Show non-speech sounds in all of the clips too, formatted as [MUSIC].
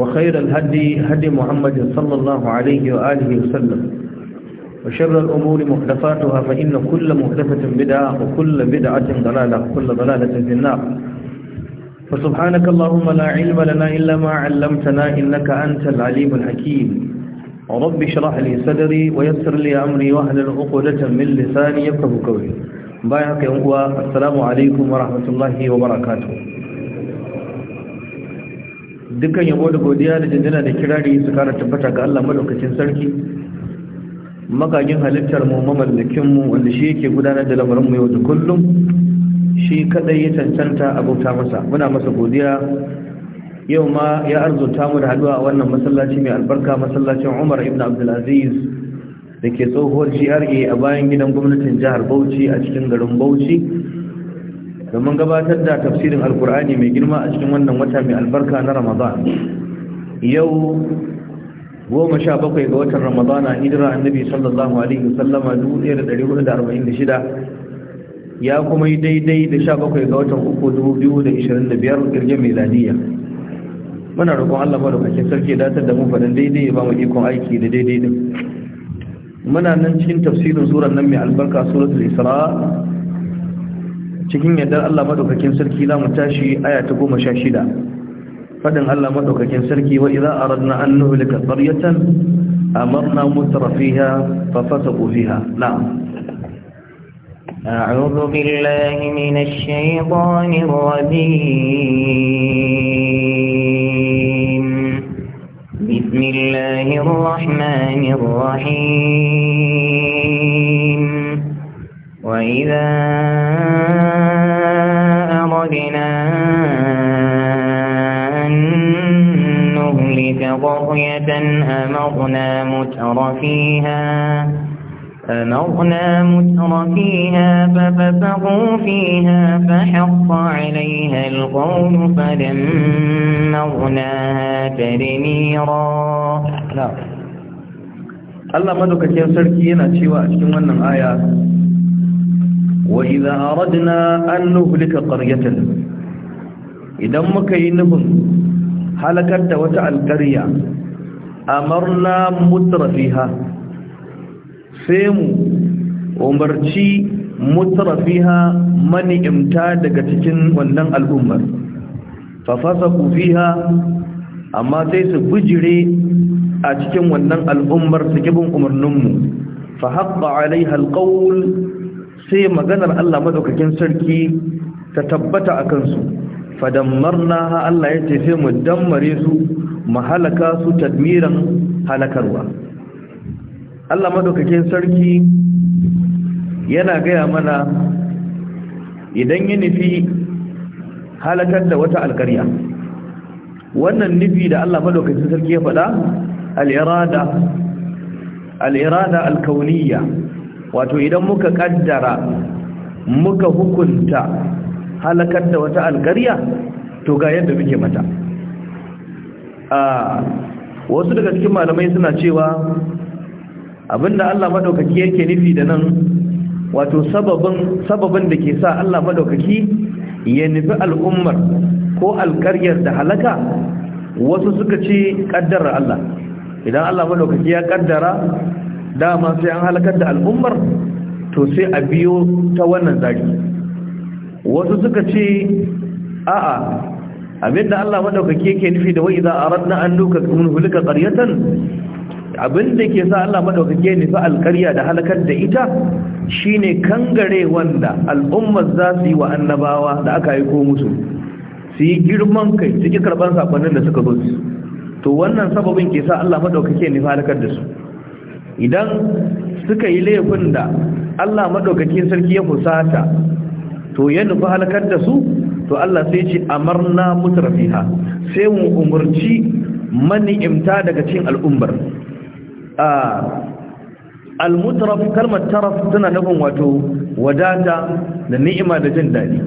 وخير الهدي هدي محمد صلى الله عليه وآله وسلم وشر الأمور محدثاتها فإن كل محدثة بدعة وكل بدعة ضلالة وكل ضلالة في النار فسبحانك اللهم لا علم لنا إلا ما علمتنا إنك أنت العليم الحكيم رب اشرح لي صدري ويسر لي أمري وهل عقدة من لساني يفقه قولي يا السلام عليكم ورحمة الله وبركاته dukkan yabo da godiya da jinjina da kirari su kara tabbata ga Allah madaukakin sarki makagin halittar mu mamallakin mu wanda shi yake gudanar da lamarin mu yau da kullum shi kadai ya cancanta abota masa muna masa godiya yau ma ya arzuta mu da haduwa a wannan masallaci mai albarka masallacin Umar ibn Abdul Aziz da ke tsohuwar GRA a bayan gidan gwamnatin jihar Bauchi a cikin garin Bauchi domin gabatar da tafsirin alkur'ani mai girma a cikin wannan wata mai albarka na ramadan yau goma sha bakwai ga watan ramadana hijira annabi sallallahu alaihi wasallama dubu ɗaya da ɗari hudu da arba'in da shida ya kuma yi daidai da sha bakwai ga watan uku dubu biyu da ishirin da biyar mai meladiya muna roƙon allah madaukakin sarki datar da mu faɗin daidai ya ba mu ikon aiki da daidai din muna nan cikin tafsirin surar nan mai albarka suratul isra cikin yadda Allah madaukakin sarki za mu tashi aya ta 16 fadin Allah madaukakin sarki wa idza aradna an nuhlika qaryatan amarna mutrafiha fa fasaqu fiha na'am a'udhu billahi minash shaytanir rajim bismillahir rahmanir rahim wa idza ضرية أمرنا متر فيها أمرنا متر فيها ففسقوا فيها فحق عليها القول فدمرناها تدميرا نعم. الله مدك يا سركي أنا شوى شو من آية وإذا أردنا أن نهلك قرية إذا مكينهم halakar da wata alƙarya amarna mutrafiha sai mu umarci mutrafiha mani'imta daga cikin wannan al'ummar fafasa fiha amma sai su bujire a cikin wannan al'ummar su gibin umarninmu fa haɓɓa alaiha alƙawul sai maganar Allah madaukakin sarki ta tabbata a kansu fadammarnaha Allah ya ce sai mu dammare su mu halaka su tadmiran halakarwa Allah madaukakin sarki yana gaya mana idan ya nufi halakar da wata alkarya wannan nufi da Allah madaukakin sarki ya faɗa al-irada al wato idan muka ƙaddara muka hukunta halakar da wata alkarya to ga yadda muke mata a wasu daga cikin malamai suna cewa abinda Allah madaukaki yake nufi da nan wato sababin sababin da ke sa Allah madaukaki ya nufi al'ummar ko alƙaryar da halaka wasu suka ce kaddara Allah idan Allah madaukaki ya kaddara dama sai an halakar da al'ummar to sai a biyo ta wannan zaki wasu suka ce a'a abinda Allah madaukake yake nufi da wai idza aradna an duka kun hulika qaryatan abinda ke sa Allah madaukake nufi alqarya da halakar da ita shine kangare wanda al'ummar za su yi wa annabawa da aka yi ko musu su yi girman kai cikin karban sakonnin da suka zo su to wannan sababin ke sa Allah madaukake nufi halakar da su idan suka yi laifin da Allah maɗaukakin sarki ya fusata to ya nufi halakar da su to Allah sai ce amarna mutrafiha sai mu umurci mani'imta daga cikin al'ummar al-mutraf kalmar taraf tana nufin wato wadata da ni'ima da jin daɗi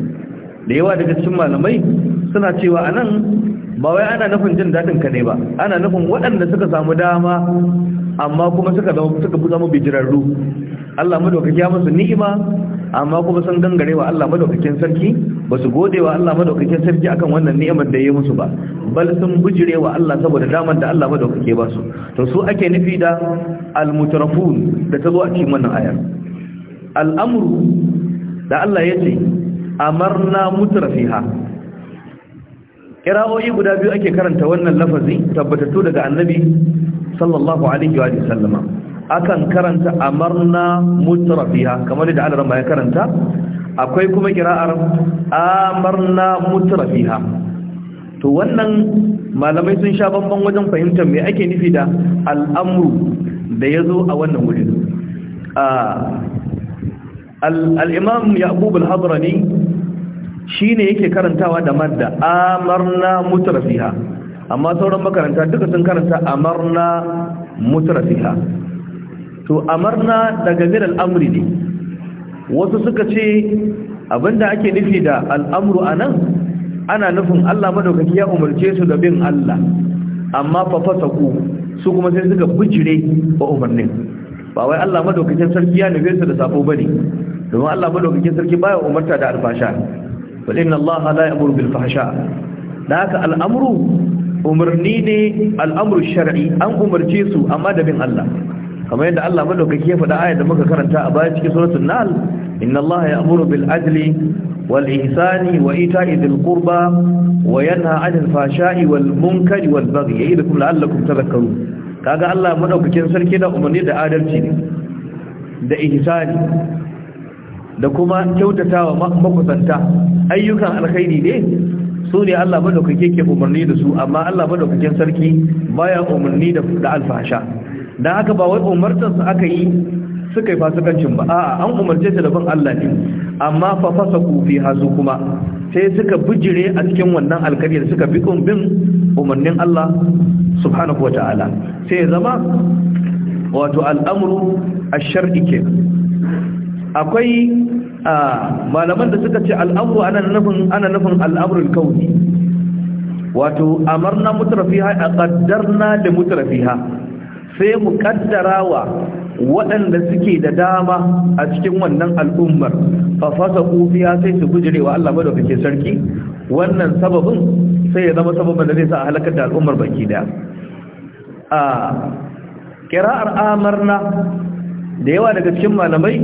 da yawa daga cikin malamai suna cewa anan ba wai ana nufin jin daɗin ne ba ana nufin waɗanda suka samu dama amma kuma suka zama suka fi zama bijirarru Allah madaukaki ya musu ni'ima amma kuma sun gangare wa Allah madaukakin sarki ba su gode wa Allah madaukakin sarki akan wannan ni'imar da ya musu ba bal sun bujire wa Allah saboda damar da Allah madaukake ba su to su ake nufi da al mutarafun da ta zo a cikin wannan ayar al-amru da Allah ya ce amarna mutrafiha kira'o'i guda biyu ake karanta wannan lafazi tabbatattu daga annabi sallallahu alaihi wa sallama akan karanta amarna mutrafiha kamar yadda alaran ya karanta akwai kuma kira'ar amarna mutrafiha to wannan malamai sun sha bambam wajen fahimtar me ake nufi da al'amru da ya zo a wannan wurin al'imam yaqub al-hadrani shine yake karantawa da madda amarna mutrafiha amma sauran makaranta duka sun karanta amarna mutrafiha to amarna daga min al'amri ne wasu suka ce abinda ake nufi da al'amru anan ana nufin Allah madaukaki ya umarce su da bin Allah amma fa fasaku su kuma sai suka bijire wa umarnin ba wai Allah madaukakin sarki ya nufi su da safo bane domin Allah madaukakin sarki baya umarta da alfasha wal inna Allah la ya'muru bil fahsha da haka al'amru umarni ne al'amru shar'i an umarce su amma da bin Allah kamar yadda Allah madaukaki ya faɗa ayar da muka karanta a baya cikin suratul nahl inna Allah ya'muru bil adli wal ihsani wa ita'i dhil qurba wa yanha 'anil fahsha'i wal munkari wal baghi ya'idukum la'allakum tadhakkarun kaga Allah madaukakin sarki da umarni da adalci ne da ihsani da kuma kyautatawa makusanta ayyukan alkhairi ne su ne Allah madaukake ke umarni da su amma Allah madaukakin sarki baya umarni da alfasha dan haka ba wai umartar su aka yi suka yi fasikancin ba an umarce ta da bin Allah ne amma fa fasaku fi hazu kuma sai suka bijire a cikin wannan alkariyar suka bi bin umarnin Allah subhanahu ta'ala. sai zama wato al'amuru a shari ke akwai malaman da suka ce al'amuru ana nufin ana nufin kauni wato amarna mutrafiha aqaddarna da mutrafiha sai mu kaddarawa waɗanda suke da dama a cikin wannan al'ummar fafasa fasa kufiya sai su bujire wa Allah madaukake sarki wannan sababin sai ya zama sababin da zai sa halakar da al'ummar baki daya a kira'ar amarna da yawa daga cikin malamai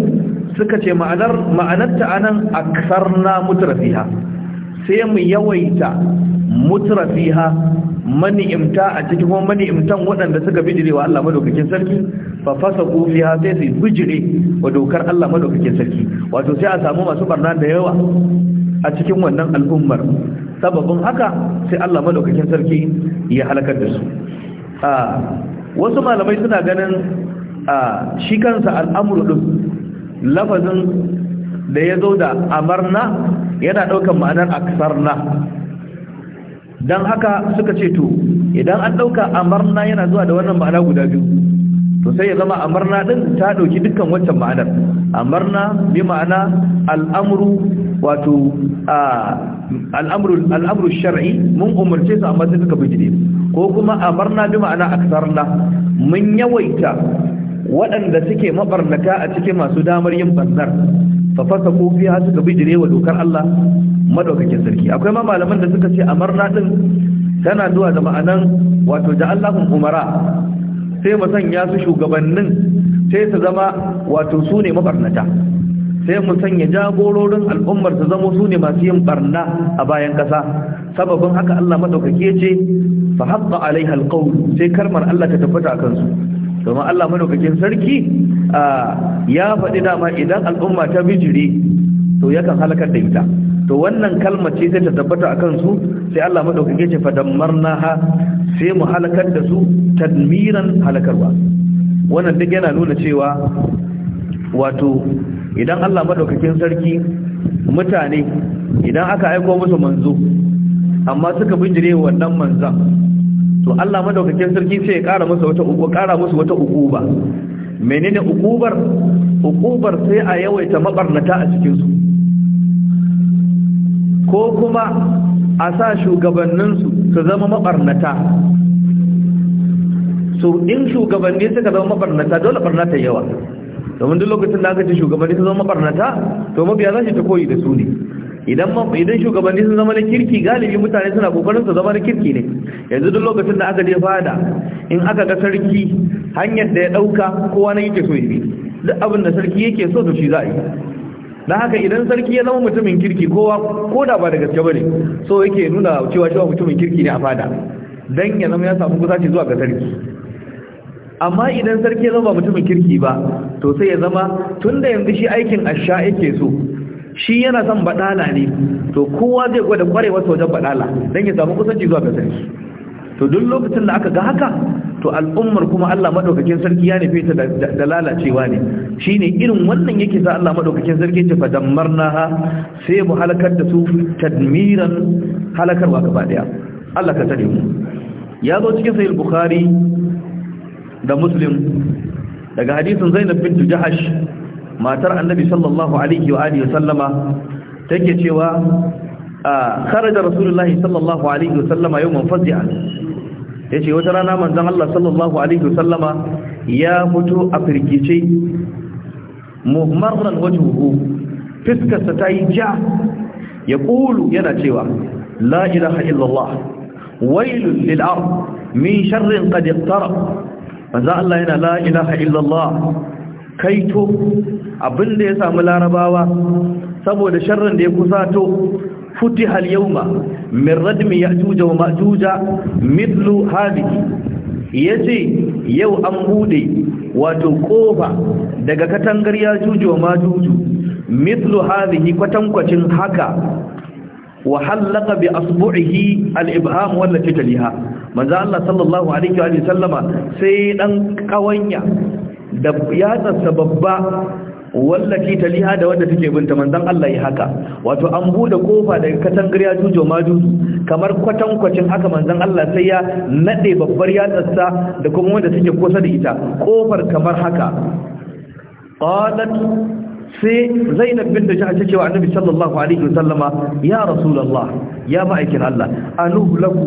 suka ce ma'anar ma'anarta na aksarna rafiha. sai mu yawaita rafiha. mani'imta a cikin kuma mani'imtan waɗanda suka bijire wa Allah madaukakin sarki fa fasaqu fiha sai su bijire wa dokar Allah madaukakin sarki wato sai a samu masu barna da yawa a cikin wannan al'ummar sababin haka sai Allah madaukakin sarki ya halakar da su a wasu malamai suna ganin a shi kansa al'amru din lafazin da ya zo da amarna yana ɗaukar ma'anar aksarna don haka suka ce to idan an ɗauka amarna yana zuwa da wannan ma'ana guda biyu to sai ya zama amarna din ta ɗauki dukkan waccan ma'anar amarna bi ma'ana al'amru wato al'amru shar'i mun umarce su amma sai suka bijire ko kuma amarna bi ma'ana aksarna mun yawaita waɗanda suke mabarnaka a cikin masu damar yin bannar fafasa ko fiya suka bijire wa dokar Allah madaukakin sarki akwai ma malaman da suka ce amarna din tana zuwa da ma'anan wato ja'allahum umara sai mu sanya su shugabannin sai su zama wato su ne mabarnata sai mu sanya jagororin al'ummar su zama su ne masu yin barna a bayan kasa sababin haka Allah madaukake ce fa haqqa alaiha alqawl sai karmar Allah ta tabbata akan su domin Allah madaukakin sarki ya faɗi dama idan al'umma ta bijire to yakan halakar da ita to wannan kalma ce sai ta tabbata akan su sai Allah madaukake ce ha, sai mu halakar da su tadmiran halakarwa wannan duk yana nuna cewa wato idan Allah madaukakin sarki mutane idan aka aika musu manzo amma suka bijire wannan manzan to Allah madaukakin sarki sai ya kara musu wata uku kara musu wata ba menene ukubar ukubar sai a yawaita mabarnata a cikin su ko kuma a sa shugabanninsu su zama mabarnata so in shugabanni suka zama mabarnata dole barnata yawa domin duk lokacin da aka ce shugabanni su zama mabarnata to mabiya za shi ta koyi da su ne idan idan shugabanni sun zama na kirki galibi mutane suna kokarin su zama na kirki ne yanzu duk lokacin da aka je fada in aka ga sarki hanyar da ya dauka kowa na yake so yi duk abin da sarki yake so to shi za a yi na haka idan sarki ya zama mutumin kirki kowa ko da ba da gaske ne so yake nuna cewa shi mutumin kirki ne a fada dan ya zama ya samu kusaci zuwa ga sarki amma idan sarki ya zama mutumin kirki ba to sai ya zama tun da yanzu shi aikin asha yake so shi yana son badala ne to kowa zai gwada kwarewa sojan badala dan ya samu kusanci zuwa ga sarki to duk lokacin da aka ga haka to al'ummar kuma Allah madaukakin sarki ya nufe ta da lalacewa ne shine irin wannan yake sa Allah madaukakin sarki ce fa dammarnaha sai mu halakar da su tadmiran halakarwa gaba daya Allah ka tare mu ya zo cikin sahih bukhari da muslim daga hadisin zainab bint jahash matar annabi sallallahu alaihi wa alihi sallama take cewa kharaja rasulullahi sallallahu alaihi wasallama yawman fazi'a yace wata rana manzon Allah sallallahu alaihi wasallama ya fito a firgice muhmarran wajhuhu fiskarsa ta yi ja ya kulu yana cewa la ilaha illallah wailul lil ard min sharrin qad iqtara manzo Allah yana la ilaha illallah kaito abinda ya samu larabawa saboda sharrin da ya kusato فتح اليوم من ردم يأجوج ومأجوج مثل yace yau an bude wato kofa daga katangar ya juju ma mithlu hadhihi kwatankwacin haka wa halaka bi asbu'ihi al-ibham wallati taliha manzo Allah sallallahu alaihi wa sallama sai dan kawanya da ya tsasa babba wallaki liha da wanda take binta manzon Allah ya haka wato an bude kofa daga katangar ya jujo maju kamar kwatankwacin haka manzon Allah sai ya nade babbar yatsarsa da kuma wanda take kusa da ita kofar kamar haka qalat sai zainab bin da ta cewa annabi sallallahu alaihi wasallama ya rasulullah ya ma'aikin Allah anuhu laku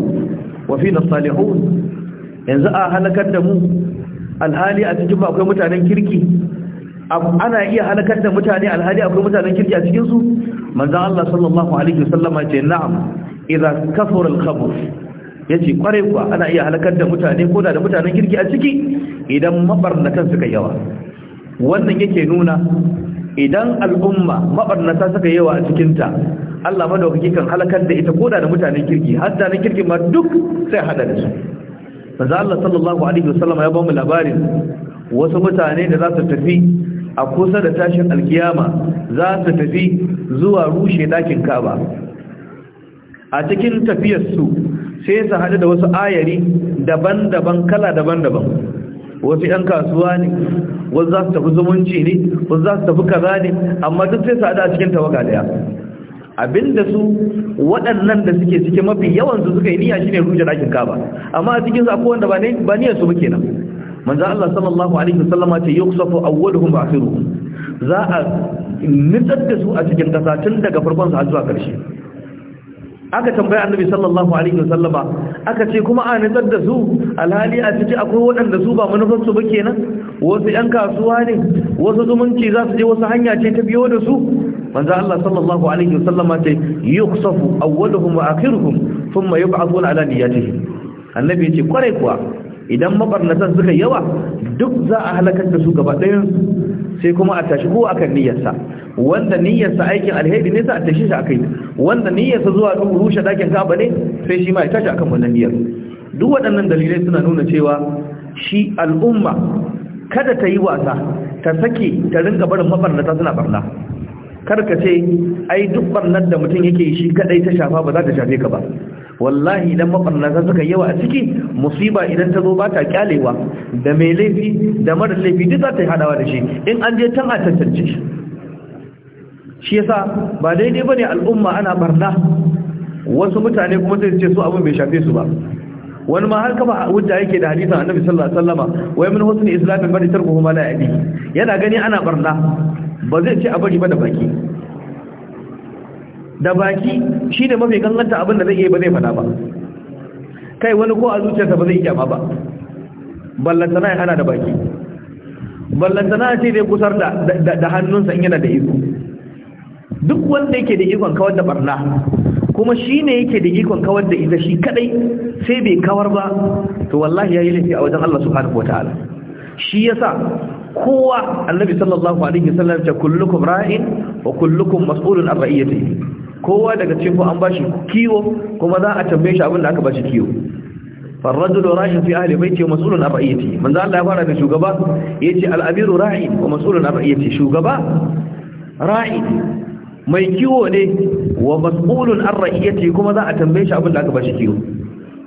wa fina salihun yanzu a halakar da mu alhali a cikin akwai mutanen kirki ana iya halakar da mutane alhali akwai mutanen kirki a cikinsu? su manzon Allah sallallahu alaihi wasallama ce na'am idza kafara al-khabr yace kware kuwa ana iya halakar da mutane ko da mutanen kirki a ciki idan mabarnatan suka yawa wannan yake nuna idan al'umma mabarnata suka yawa a cikin ta Allah madaukaki kan halakar da ita ko da mutanen kirki har da na kirki ma duk sai hada da su manzo Allah sallallahu alaihi wasallama ya ba mu labarin wasu mutane da za su tafi a kusa da tashin alkiyama za su tafi zuwa rushe dakin kaba a cikin tafiyarsu sai su haɗu da wasu ayari daban-daban kala daban-daban wasu 'yan kasuwa ne wasu za su tafi zumunci ne wasu za su tafi kaza ne amma duk sai su haɗu a cikin tawaga daya abinda su waɗannan da suke cikin mafi yawan su suka yi niyya shine rushe dakin kaba amma a cikin su akwai wanda ba niyya su ba kenan manzo Allah sallallahu alaihi wasallama ce yuksafu awwaluhum wa akhiruhum za a nitsar da su a cikin kasa tun daga farkon su har zuwa karshe aka tambaya annabi sallallahu alaihi wasallama aka ce kuma a nitsar da su alhali a ciki akwai waɗanda su ba manufar su ba kenan wasu ƴan kasuwa ne wasu zumunci za su je wasu hanya ce ta biyo da su manzo Allah sallallahu alaihi wasallama ce yuksafu awwaluhum wa akhiruhum thumma yub'athuna ala niyyatihim annabi ya ce kwarai kuwa idan mabarnatan suka yawa duk za a halakar da su gaba ɗayan sai kuma a tashi ko akan niyyarsa wanda niyyarsa aikin alheri ne sai a tashi shi kai, wanda niyyarsa zuwa duk rushe dakin kaba ne sai shi ma ya tashi akan wannan niyyar duk waɗannan dalilai suna nuna cewa shi al'umma kada ta yi wasa ta sake ta ringa barin mabarnata suna barna kar ka ce ai duk barnar da mutum yake shi kadai ta shafa ba za ta shafe ka ba wallahi idan mafarnaka suka yawa a ciki musiba idan ta zo ba ta kyalewa da mai laifi da mara laifi duk za ta yi hadawa da shi in an je can a tantance shi shi yasa ba daidai ne al'umma ana barna wasu mutane kuma zai ce su abin bai shafe su ba wani ma har kama hujja yake da hadisan annabi sallallahu alaihi wasallama wai min husni islamin bari tarkuhu ma la yana gani ana barna ba zai ce a bari ba da baki da baki shi ne mafi ganganta abin da zai yi ba zai fada ba kai wani ko a zuciyarsa ba zai kyama ba ballantana ya hana da baki ballantana ce zai kusar da hannunsa in yana da iko duk wanda yake da ikon kawar da barna kuma shi ne yake da ikon kawar da ita shi kadai sai bai kawar ba to wallahi ya yi laifi a wajen Allah subhanahu wataala shi yasa kowa annabi sallallahu alaihi wasallam ce kullukum ra'in wa kullukum mas'ulun an ra'iyatihi kowa daga cikin ku an bashi kiwo kuma za a tambaye shi abin da aka bashi kiwo farrajul rashin fi ahli baiti wa mas'ulun an ra'iyati manzo Allah ya fara da shugaba yace al-abiru ra'in wa mas'ulun an ra'iyati shugaba ra'in mai kiwo ne wa mas'ulun an ra'iyati kuma za a tambaye shi abin da aka bashi kiwo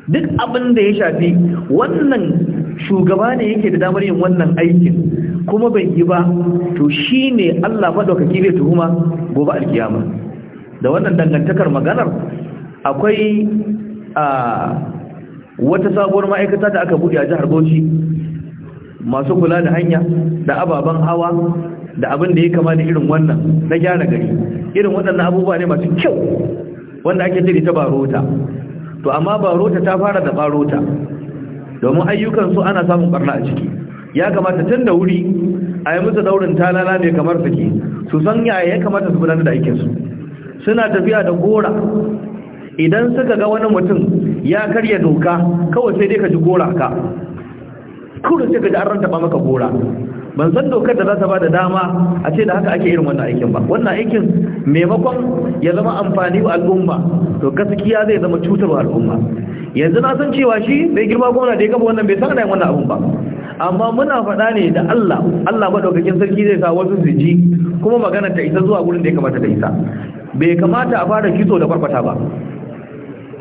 duk abin da ya shafi wannan shugaba ne yake da damar yin wannan aikin kuma bai yi ba to shine Allah madaukaki zai tuhuma gobe alkiyama da wannan dangantakar maganar akwai a wata sabuwar ma'aikata da aka buɗe a jihar Bauchi masu kula da hanya da ababen hawa da abin da ya kama da irin wannan na gyara gari irin waɗannan abubuwa ne masu kyau wanda ake jiri ta barota to amma barota ta fara da barota domin su ana samun barna a ciki ya kamata tun da wuri a yi musu daurin talala ne kamar suke su san yaya ya kamata su gudanar da aikinsu suna tafiya da gora idan suka ga wani mutum ya karya doka kawai sai dai ka ji gora ka kuma sai ka ji an rantaba maka gora ban san dokar da za ta ba da dama a ce da haka ake irin wannan aikin ba wannan aikin maimakon ya zama amfani wa al'umma to gaskiya zai zama cutarwa al'umma yanzu na san cewa shi bai girma gwamna da ya gaba wannan bai san da wannan abun ba amma muna faɗa ne da Allah Allah madaukakin sarki zai sa wasu su ji kuma magana ta isa zuwa gurin da ya kamata ta isa bai kamata a fara kitso da farfata ba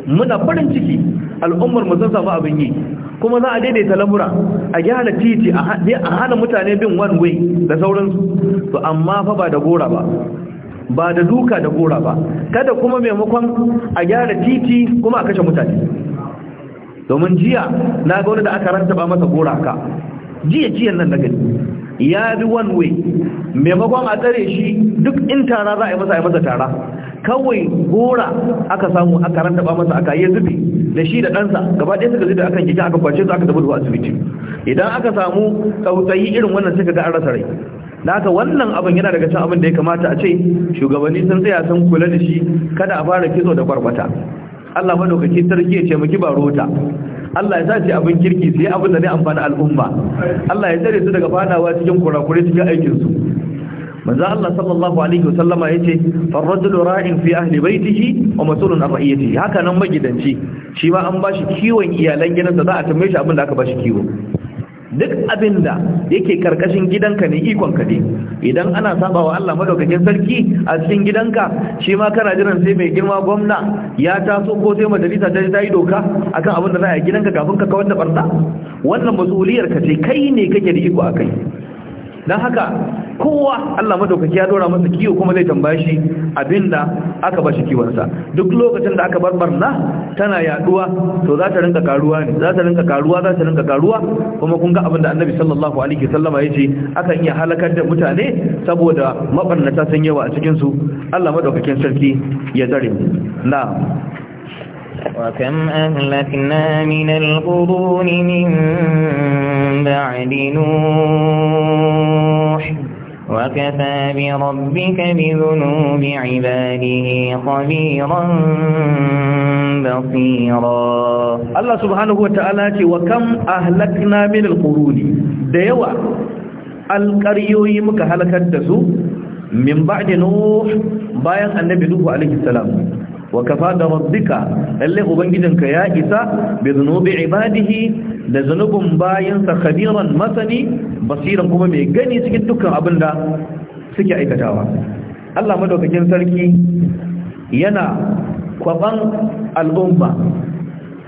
muna farin ciki al'ummar mu sun samu abin yi kuma za a daidaita lamura a gyara titi a hana mutane bin one way da sauransu to amma fa ba da gora ba ba da duka da gora ba kada kuma maimakon a gyara titi kuma a kashe mutane domin jiya na ga wani da aka rantaba masa gora ka jiya jiyan nan na gani ya bi one way maimakon a tsare shi duk in tara za a yi masa a masa tara kawai gora aka samu aka ba masa aka yi zubi da shi da ɗansa gaba ɗaya suka zida akan gida aka kwace su aka tafi zuwa asibiti idan aka samu tsautsayi irin wannan suka ga an rasa rai da haka wannan abin yana daga cin abin da ya kamata a ce shugabanni sun tsaya sun kula da shi kada a fara kitso da kwarkwata Allah madaukakin sarki ya ce mu kibarota Allah ya sace abin kirki sai abin da zai amfana al'umma Allah ya tsare su daga fadawa cikin kurakure cikin aikin su manzo Allah sallallahu alaihi wasallama yace farrajul ra'in fi ahli baitihi wa mas'ulun an ra'iyatihi haka nan magidanci shi ma an bashi kiwon iyalan gidansa za a tambaye shi abin da aka bashi kiwo duk abin da yake karkashin gidanka ne ikonka ne idan ana saba wa Allah madaukakin sarki a cikin gidanka shi ma kana jiran sai mai girma gwamna ya taso ko sai majalisa ta yi doka akan abin da za a yi gidanka kafin ka kawar da barza wannan masuliyar ka ce kai ne kake da iko akai don haka kowa Allah madaukaki ya dora masa kiwo kuma zai tambaye shi abinda aka bashi kiwonsa duk lokacin da aka bar barna tana yaduwa to za ta rinka karuwa ne za ta rinka karuwa za ta rinka karuwa kuma kun ga da annabi sallallahu alaihi wasallama yace akan iya halakar da mutane saboda mabarnata sun yawa a cikin su Allah madaukakin sarki ya zare mu na'am وكم أهلكنا من القرون من بعد نوح وكفى بربك بذنوب عباده خبيرا بصيرا الله سبحانه وتعالى وكم أهلكنا من القرون ديوة القريوي مكهلكت من بعد نوح باين النبي نوح عليه السلام wa kafa da rabbika lalle ubangijinka ya isa bi zunubi ibadihi da zunubin bayansa khabiran masani basiran kuma mai gani cikin dukkan abinda da suke aikatawa Allah madaukakin sarki yana kwaban al'umma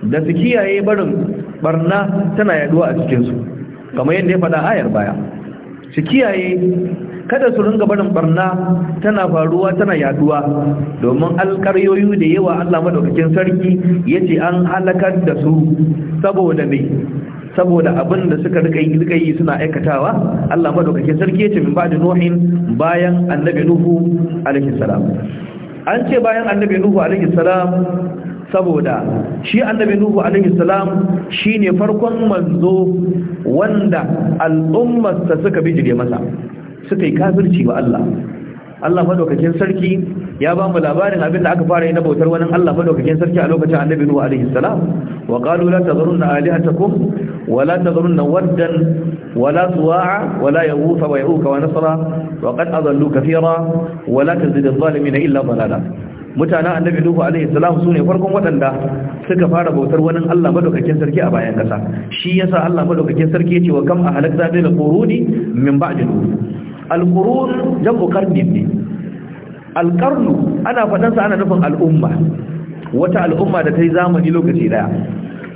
da su kiyaye barin barna tana yaduwa a cikinsu kamar yadda ya faɗa ayar baya su kiyaye kada su ringa barin barna tana faruwa tana yaduwa domin alƙaryoyi da yawa Allah madaukakin sarki yace an halakar da su saboda me saboda abin da suka rika yi yi suna aikatawa Allah madaukakin sarki yace min ba'da nuhin bayan annabi nuhu alaihi salam an ce bayan annabi nuhu alaihi salam saboda shi annabi nuhu alaihi salam shine farkon manzo wanda ta suka bijire masa suka yi kafirci wa Allah Allah madaukakin sarki ya ba mu labarin abin da aka fara yi na bautar wani Allah madaukakin sarki a lokacin Annabi Nuhu alaihi salam wa qalu la tadhurunna alihatakum wa la tadhurunna waddan wa la suwa'a wa la yaghutha wa yauka wa nasra wa qad adallu kathira wa la tazid adh-dhalimina illa dhalala mutanen annabi nuhu alaihi salam sune farkon waɗanda suka fara bautar wani Allah madaukakin sarki a bayan kasa shi yasa Allah madaukakin sarki yace wa kam ahlakna bil quruni min ba'di nuh alqurun jam'u qarnin ne alqarnu ana fadan ana nufin al'umma wata al'umma da ta yi zamani lokaci daya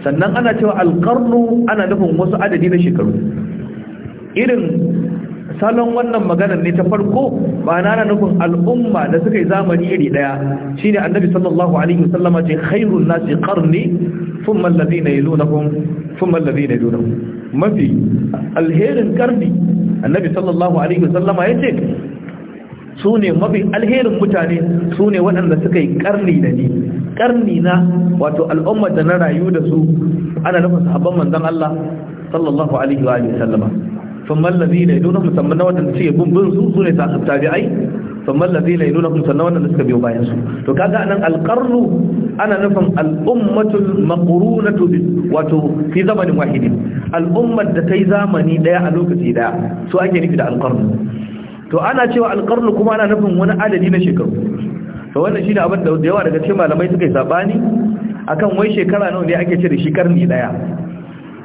sannan ana cewa alƙarnu ana nufin wasu adadi na shekaru irin salon wannan maganar ne ta farko ba na nufin al'umma da suka yi zamani iri daya shine annabi sallallahu alaihi wasallama ce khairun nasi qarni thumma alladhina yalunhum thumma alladhina yalunhum mafi alherin karni annabi sallallahu alaihi wasallama ya ce su ne mafi alherin mutane su ne waɗanda suka yi karni da ni karni na wato al'ummar da na rayu da su ana nufin sahabban manzon Allah sallallahu alaihi wa sallama sun mallazi da idonan musamman na waɗanda suke bin bin su su ne tabi'ai sun mallazi lai nuna kun na wannan suka biyo bayansu. su to kaga anan alqarru ana nufin al'ummatul maqrunatu wato fi zamanin wahidin al'ummar da ta yi zamani daya a lokaci daya su ake nufi da alqarru to ana cewa alqarru kuma ana nufin wani adadi na shekaru to wannan shine abin da yawa daga cikin malamai suka yi saɓani? A kan wai shekara nawa ne ake ce da shi karni daya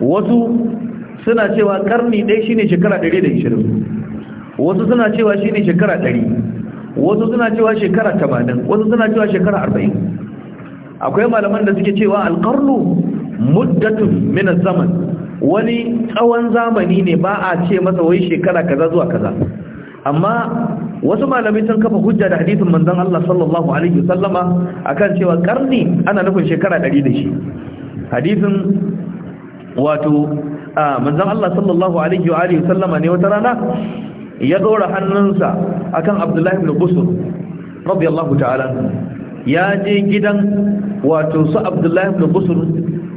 wasu suna cewa karni ɗaya shine shekara ɗari da 120 wasu suna cewa shine shekara ɗari. wasu suna cewa shekara tamanin, wasu suna cewa shekara arba'in. akwai malaman da suke cewa alqarnu muddatun min zaman wani tsawon zamani ne ba a ce masa wai shekara kaza zuwa kaza amma wasu malamai sun kafa hujja da hadisin manzon Allah sallallahu alaihi wasallama akan cewa ƙarni ana nufin shekara 100 da shi hadisin wato manzon Allah sallallahu alaihi wa alihi wasallama ne wata rana ya dora hannunsa akan abdullahi ibn busur radiyallahu ta'ala ya je gidan wato su abdullahi ibn busur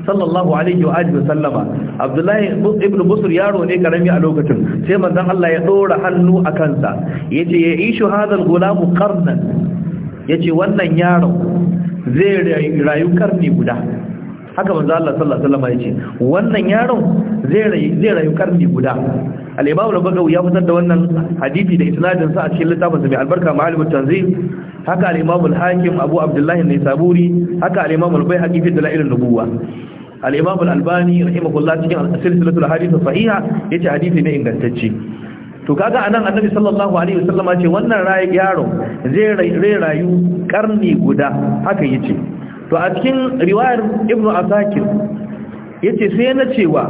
sallallahu alaihi wa alihi sallama abdullahi ibn busur yaro ne karami a lokacin sai manzon Allah ya dora hannu akan sa yace ya ishu hadal gulam qarnan yace wannan yaro zai rayu karni guda haka manzo Allah sallallahu alaihi wasallam ce. wannan yaron zai rayu zai rayu karni guda al-Imam al bukhari ya fitar da wannan hadisi da isnadin sa a cikin littafin sa mai albarka Ma'alim at-Tanzil haka al-Imam al-Hakim Abu Abdullah an nisaburi haka al-Imam al-Baihaqi fi Dalail an nubuwa al-Imam al-Albani rahimahullah cikin silsilatul hadith sahiha yace hadisi ne ingantacce to kaga anan annabi sallallahu alaihi wasallama ce wannan yaro zai rayu karni guda haka yace to a cikin riwayar ibnu asakir yace sai na cewa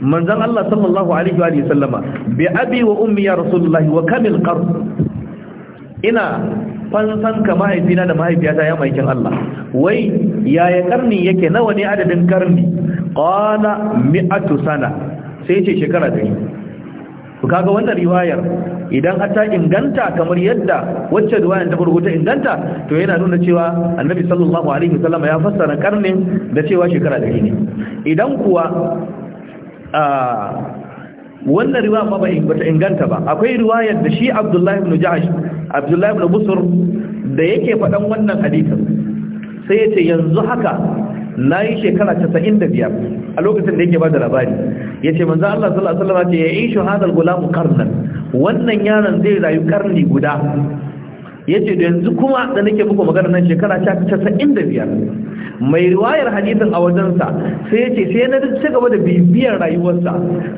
manzon Allah sallallahu alaihi wa sallama bi abi wa ummi ya rasulullahi wa kamil ina fansan ka mahaifina da mahaifiyata ya maikin Allah wai yaya karni yake nawa ne adadin karni qala mi'atu sana sai ce shekara 100 to kaga wannan riwayar idan har ta inganta kamar yadda wacce riwayar ta farko ta inganta to yana nuna cewa annabi sallallahu alaihi wasallam ya fassara karnin da cewa shekara 100 ne idan kuwa wannan riwaya ma ba bata inganta ba akwai riwayar da shi Abdullahi ibn jahsh Abdullahi ibn Busr da yake faɗan wannan hadisin sai yace yanzu haka na yi shekara casa'in da biyar a lokacin da yake ba da labari ya ce manzan Allah sallallahu Alaihi wasallam ce ya yi shahadar gulamu karnan wannan yaron zai rayu karni guda ya ce da yanzu kuma da nake muku magana nan shekara casa'in da biyar. mai riwayar hadisin a wajensa sai ya ce sai na ci gaba da bibiyar rayuwarsa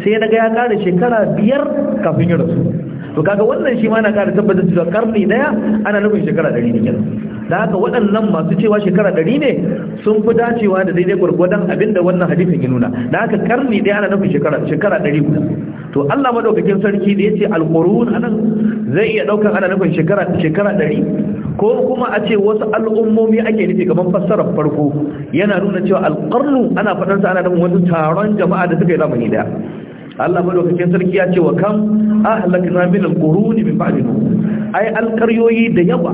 sai na ga ya kare shekara biyar kafin ya rasu to kaga wannan shi ma na ƙara tabbatar cewa karni daya ana nufin shekara ɗari ne kenan da haka waɗannan masu cewa shekara ɗari ne sun fi dacewa da daidai gwargwadon abin da wannan hadisin ya nuna da haka karni daya ana nufin shekara shekara ɗari guda to Allah madaukakin sarki da yace alqurun anan zai iya daukan ana nufin shekara shekara ɗari ko kuma a ce wasu al'ummomi ake nufi kamar fassarar farko yana nuna cewa al'qarnu ana faɗansa ana nufin wasu taron jama'a da suka yi zamani daya Allah madaukakin sarki ya ce wa kam ahlakna min ne min ba'di nuh ai alƙaryoyi da yawa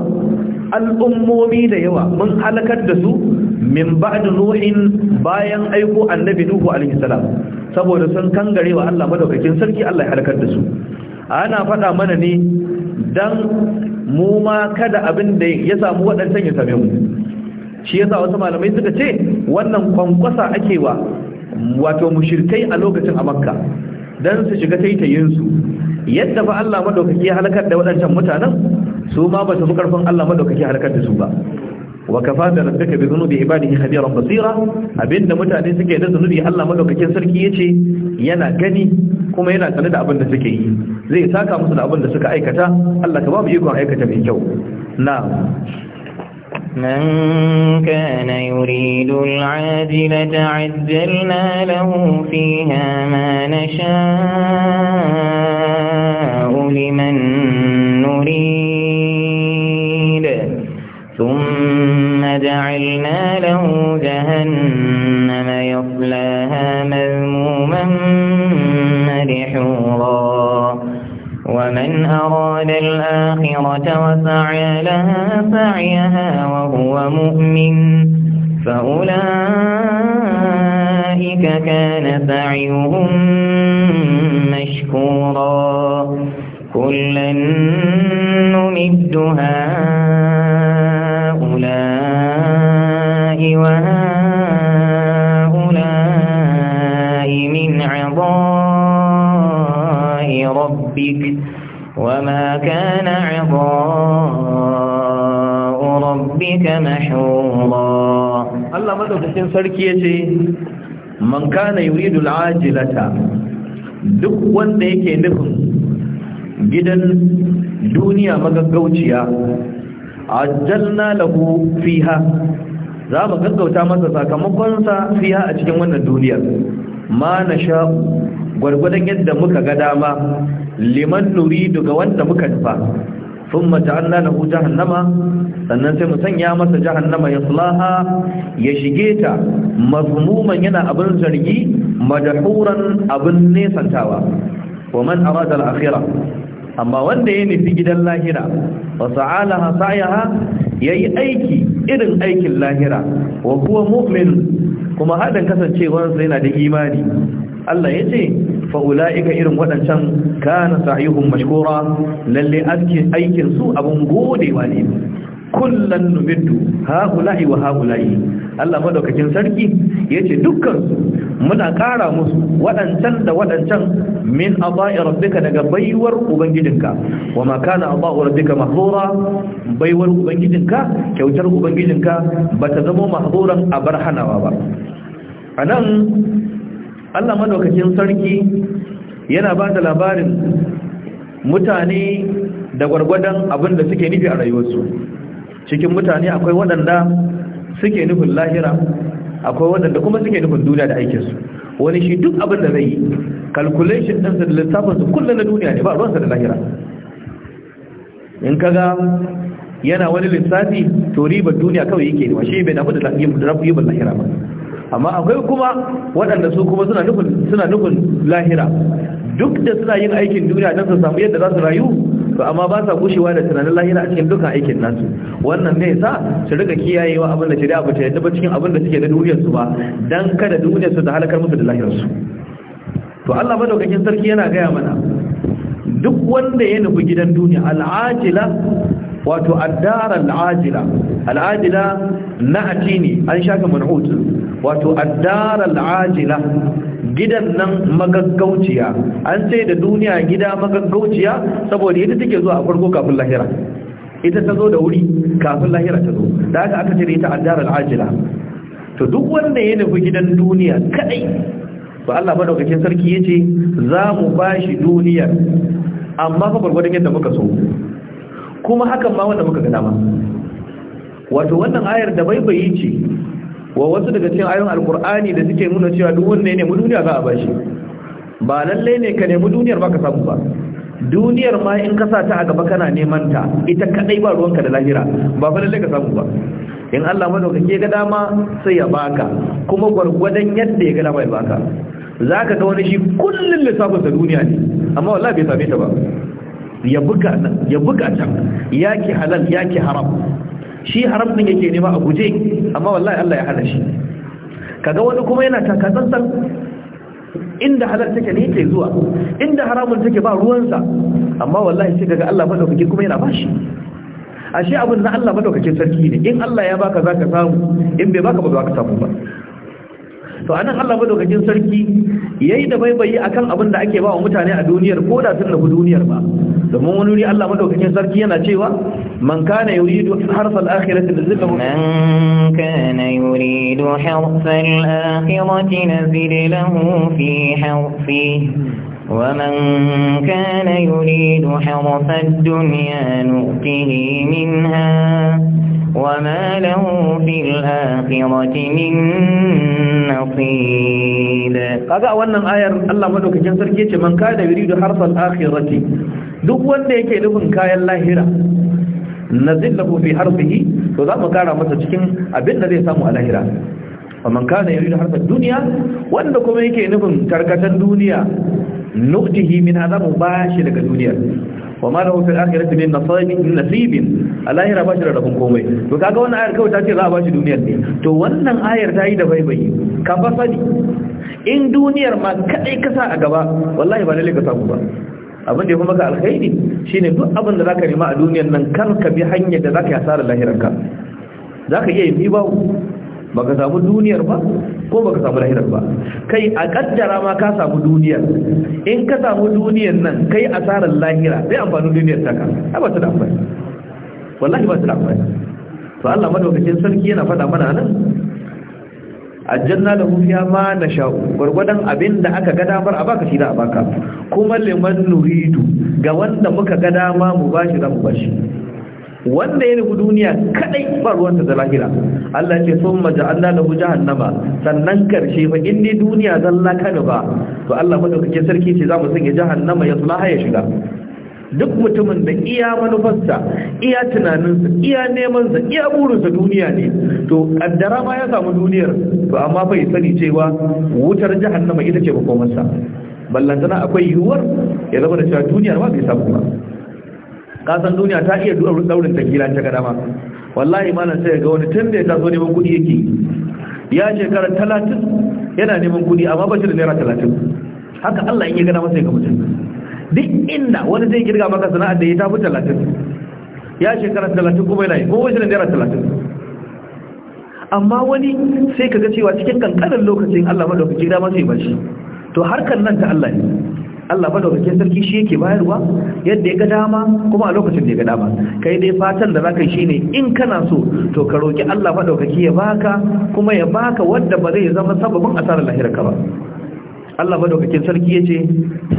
al'ummomi da yawa mun halakar da su min ba'di nuhin bayan aiko annabi nuhu alaihi salam saboda sun kangare wa Allah madaukakin sarki Allah ya halakar da su ana faɗa mana ne dan mu ma kada abin da ya samu waɗancan ya same mu shi yasa wasu malamai suka ce wannan kwankwasa ake wa wato mushirkai a lokacin a makka don su shiga taitayinsu yadda fa Allah madaukaki ya halakar da waɗancan mutanen su ma ba su fi Allah madaukaki ya halakar da su ba wa kafa da rabbika bi dhunubi ibadihi khabiran basira abinda mutane suke da zunubi Allah madaukakin sarki yace yana gani kuma yana sanar da abin da suke yi zai saka musu da abin da suka aikata Allah ka ba mu ikon aikata mai kyau na'am من كان يريد العاجلة عجلنا له فيها ما نشاء لمن نريد ثم جعلنا له جهنم يصلاها من من أراد الآخرة وسعى لها سعيها وهو مؤمن فأولئك كان سعيهم مشكورا كلا نمد هؤلاء وهؤلاء من عضاء ربك وما كان عطاء ربك محورا الله مدوكتين سركي يجي man kana yuridu al'ajilata duk wanda yake nufin gidan duniya magaggauciya ajalna lahu fiha za mu gaggauta masa sakamakon sa fiha a cikin wannan duniyar ma nasha'u gwargwadon yadda muka ga dama liman nuridu ga wanda muka nufa sun mace mata'anna na jahannama sannan sai mu sanya masa jahannama ya sulaha ya shige ta mazmuman yana abin zargi madahuran abin nesantawa wa man a al akira amma wanda ya nufi gidan lahira wa ha ya yi aiki irin aikin lahira wa kuwa mu'min kuma haɗin kasancewarsa yana da imani Allah ya ce fa'ula'ika irin waɗancan kana sa'ihun mashkura lalle aikin su abin godewa ne kullan numiddu haula'i wa haula'i Allah madaukakin sarki yace dukkan muna kara musu waɗancan da wadancan min adai rabbika daga baiwar ubangijinka wama kana adai rabbika mahzura baiwar ubangijinka kyautar ubangijinka bata zama mahzuran abarhanawa ba anan Allah madaukakin sarki yana ba da labarin mutane da gwargwadon abin da suke nufi a rayuwarsu cikin mutane akwai waɗanda suke nufin lahira akwai waɗanda kuma suke nufin duniya da aikinsu wani shi duk abin da zai yi calculation ɗinsa da lissafinsu kullum na duniya ne ba ruwansa da lahira in ka ga yana wani lissafi to ribar duniya kawai yake ne wa shi bai fi da lahira ba amma akwai kuma waɗanda su kuma suna nufin suna nufin lahira duk da suna yin aikin duniya don su samu yadda za su rayu to amma ba sa gushewa da tunanin lahira a cikin dukkan aikin nasu wannan ya sa su rika kiyayewa abin da shari'a bata yadda ba cikin abin da suke da duniyar su ba dan kada duniyar su ta halakar musu da lahirar su to Allah madaukakin sarki yana gaya mana duk wanda ya nufi gidan duniya al'ajila wato addar al'ajila al'ajila na ne an shaka man'ut wato addar al'ajila gidan nan magaggauciya an sai da duniya gida magaggauciya saboda ita take zuwa a farko kafin lahira ita ta zo da wuri kafin lahira ta zo da aka cire ta addar al'ajila to duk wanda ya nufi gidan duniya kadai ba Allah madaukakin sarki yace za mu bashi duniyar amma fa gurgurdan yadda muka so kuma hakan ma wanda muka gada wato wannan ayar da bai baibayi ce wa wasu daga cikin ayoyin alkur'ani da suke nuna cewa duk wanda ya nemi duniya za a bashi ba lalle ne ka nemi duniyar ba ka samu ba duniyar ma in ka sa ta a gaba kana neman ta ita kadai ba ruwanka da lahira ba fa lalle ka samu ba in Allah ma ke ga dama sai ya baka kuma gwargwadon yadda ya ga dama ya baka zaka ga wani shi kullun lissafin sa duniya ne amma wallahi bai same ta ba ya buga can ya ki halal ya ki haram shi haram din yake nema a guje amma wallahi Allah ya hana shi kaga wani kuma yana takatsantsan inda halal take ne yake zuwa inda haramun take ba ruwansa amma wallahi sai kaga Allah madaukake kuma yana bashi ashe abin na Allah madaukakin sarki ne in Allah ya baka zaka samu in bai baka ba za ka samu ba to anan Allah madaukakin sarki yayi da baibayi akan abin da ake ba wa mutane a duniyar ko da sun nufi duniyar ba domin wani wuri Allah madaukakin sarki yana cewa man kana yuridu harfa al-akhirati nazid man kana yuridu harfa al-akhirati nazid lahu fi harfi ومن كان يريد حرف الدنيا نؤته منها وما له في الآخرة من نصيب kaga a wannan ayar Allah madaukakin sarki yace man kada yuridu harsal akhirati duk wanda yake nufin kayan lahira nazillahu fi harfihi to za mu kara masa cikin abin da zai samu a lahira faman kana yuridu harsal dunya wanda kuma yake nufin karkatan duniya nutihi min bashi daga duniyar wa ma lahu fil akhirati min nasibin nasibin Allah ya bashi da rabon komai to kaga wannan ayar kawai ta ce za a bashi duniyar ne to wannan ayar ta yi da baibayi ka ba sani in duniyar ma kadai ka sa a gaba wallahi ba lalle ka samu ba abin da ya fi maka alkhairi shine duk abin da zaka nema a duniyar nan kar ka bi hanyar da zaka yi asarar za zaka iya yin ba baka samu duniyar ba ko baka samu lahirar ba kai a kaddara ma ka samu duniyar in ka samu duniyar nan kai asarar lahira zai amfani duniyar ta ka ai ba ta da amfani wallahi ba ta da amfani to Allah madaukakin sarki yana faɗa mana nan aljanna da hufiya ma na sha'u gurgurdan abinda aka ga damar a baka shi da a baka kuma liman nuridu ga wanda muka ga dama mu bashi da mu bashi wanda ya rubu duniya kadai ba ruwanta da lahira Allah ce sun maja'alla lahu jahannama sannan karshe fa in ni duniya zalla ka ba to Allah madaukakin sarki ce za mu sanya jahannama ya sulaha ya shiga duk mutumin da iya manufarsa iya tunaninsa iya nemansa iya burinsa duniya ne to kaddara ma ya samu duniyar to amma bai sani cewa wutar jahannama ita ce makomarsa ballantana akwai yiwuwar ya zama da cewa duniyar ma bai samu ba kasan duniya ta iya daurin ta kila ta ma. wallahi malam sai ga wani tun da ya taso neman kudi yake ya shekara talatin yana neman kudi amma ba shi da naira talatin haka Allah in ya gada masa ya ga mutum duk inda wani zai kirga maka sana'ar da ya tafi talatin ya shekara talatin kuma yana yi kuma ba da naira talatin amma wani sai ka ga cewa cikin kankanin lokacin Allah madaukaki gida masa ya bashi to harkar nan ta Allah ne Allah madaukakin sarki shi yake bayarwa yadda ya ga dama kuma a lokacin da ya ga dama kai dai fatan da zaka shi ne in kana so to ka roki Allah maɗaukaki ya baka kuma ya baka wanda ba zai zama sababin asarar ka ba Allah maɗaukakin sarki yace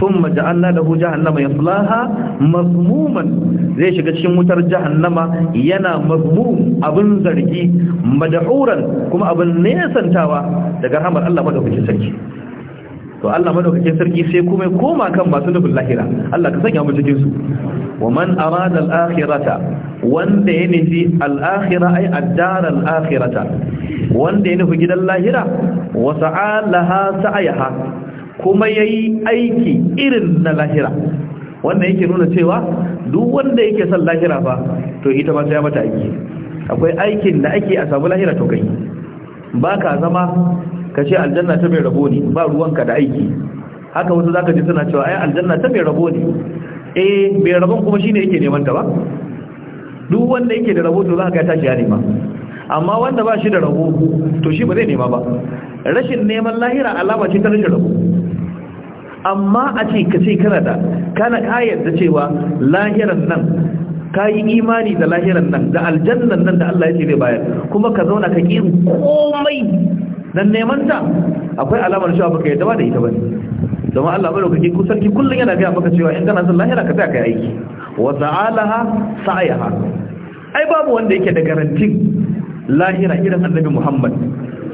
thumma ja'alna lahu jahannama yaslaha mazmuman zai shiga cikin wutar jahannama yana mazmum abin zargi madhuran kuma abin nesantawa daga rahmar Allah maɗaukakin sarki to Allah madaukakin sarki sai kuma koma kan masu nufin lahira Allah ka sanya mu cikin su wa man arada al-akhirata wanda ya nufi al-akhira ay ad-dar al-akhirata wanda ya nufi gidan lahira wa sa'alaha sa'ayaha kuma yayi aiki irin na lahira wannan yake nuna cewa duk wanda yake son lahira fa to ita ma sai mata aiki akwai aikin da ake a samu lahira to kai baka zama ka ce aljanna ta mai rabo ne ba ruwanka da aiki haka wasu zaka ji suna cewa ai aljanna ta mai rabo ne eh mai rabon kuma ne yake neman ta ba duk wanda yake da rabo to za ka tashi ya nema amma wanda ba shi da rabo to shi ba zai nema ba rashin neman lahira alama ce ta rashin rabo amma a ce ka ce kana da kana kayar da cewa lahiran nan ka yi imani da lahiran nan da aljannan nan da Allah ya ce zai bayar kuma ka zauna ka ƙi komai dan neman ta akwai alamar cewa baka yadda ba da ita bane domin Allah madaukaki ku sarki kullun yana ga maka cewa in kana son lahira ka tsaya kai aiki wa sa'alaha sa'ayaha ai babu wanda yake da garantin lahira irin annabi Muhammad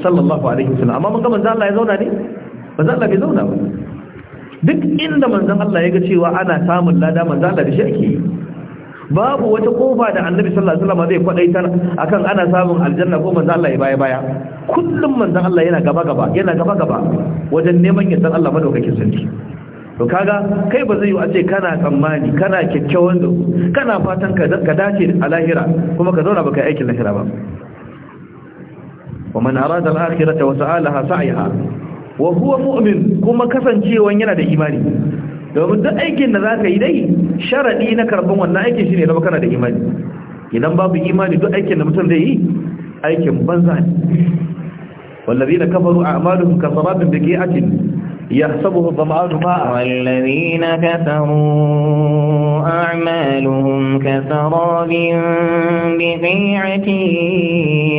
sallallahu alaihi wasallam amma mun ga manzo Allah ya zauna ne manzo Allah bai zauna ba duk inda manzon Allah ya ga cewa ana samun lada manzo Allah da shi ake yi babu wata kofa da annabi sallallahu alaihi wasallam zai kwadaitar akan ana samun aljanna ko manzo Allah ya baya baya kullum manzo Allah yana gaba gaba yana gaba gaba wajen neman yardan Allah madaukakin sarki to kaga kai ba zai yi a ce kana tsammani kana kyakkyawan da kana fatan ka dace a lahira kuma ka zauna baka aikin lahira ba ومن أراد الآخرة wa sa'alaha sa'iha wa huwa mu'min kuma kasancewan yana da imani domin duk aikin da zaka yi dai sharadi na karban wannan aikin shine ne kana da imani idan babu imani duk aikin da mutum zai yi aikin banza ne wallazina kafaru a'maluhum ka kasarabin biqi'atin yahsabuhu dhama'u يحسبه wallazina kafaru a'maluhum ka sarabin biqi'atin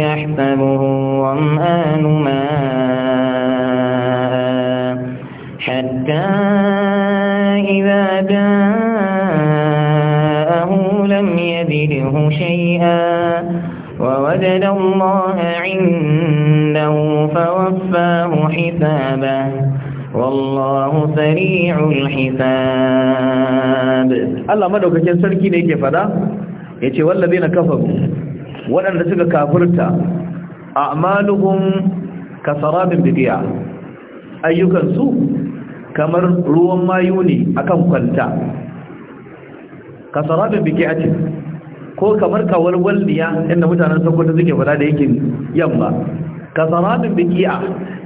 yahsabuhu يحسبه الظمآن ماء إذا جاءه لم يذره شيئا ووجد الله عنده فوفاه حسابه والله سريع الحساب الله ما دوك كان سركي ليك فدا يتي والذين كفروا وأن رسك كافرت أعمالهم كسراب بديع أيك السوء kamar ruwan mayu ne akan kwanta ka kasarabin biki a ko kamar kawar walliya inda mutanen sokoto suke fada da yake yamma Ka kasarabin biki a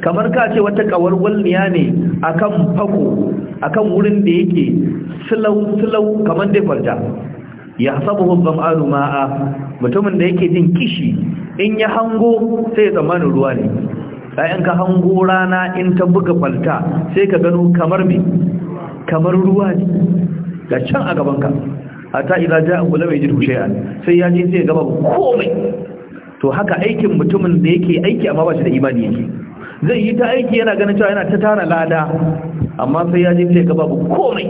kamar ka ce wata kawar walliya ne akan fako akan wurin da yake silau-silau kamar dai kwanta ya sabuhu zam'anu ma'a mutumin da yake jin kishi in ya hango sai ya zamanin ruwa ne bayan ka hango rana in ta buga falta sai ka gano kamar me kamar ruwa ne ga can a gaban ka hatta idza ja'a kullu yajid shay'an sai ya ce sai ya gaba komai to haka aikin mutumin da yake aiki amma ba shi da imani yake zai yi ta aiki yana ganin cewa yana ta tara lada amma sai ya ce sai ya gaba komai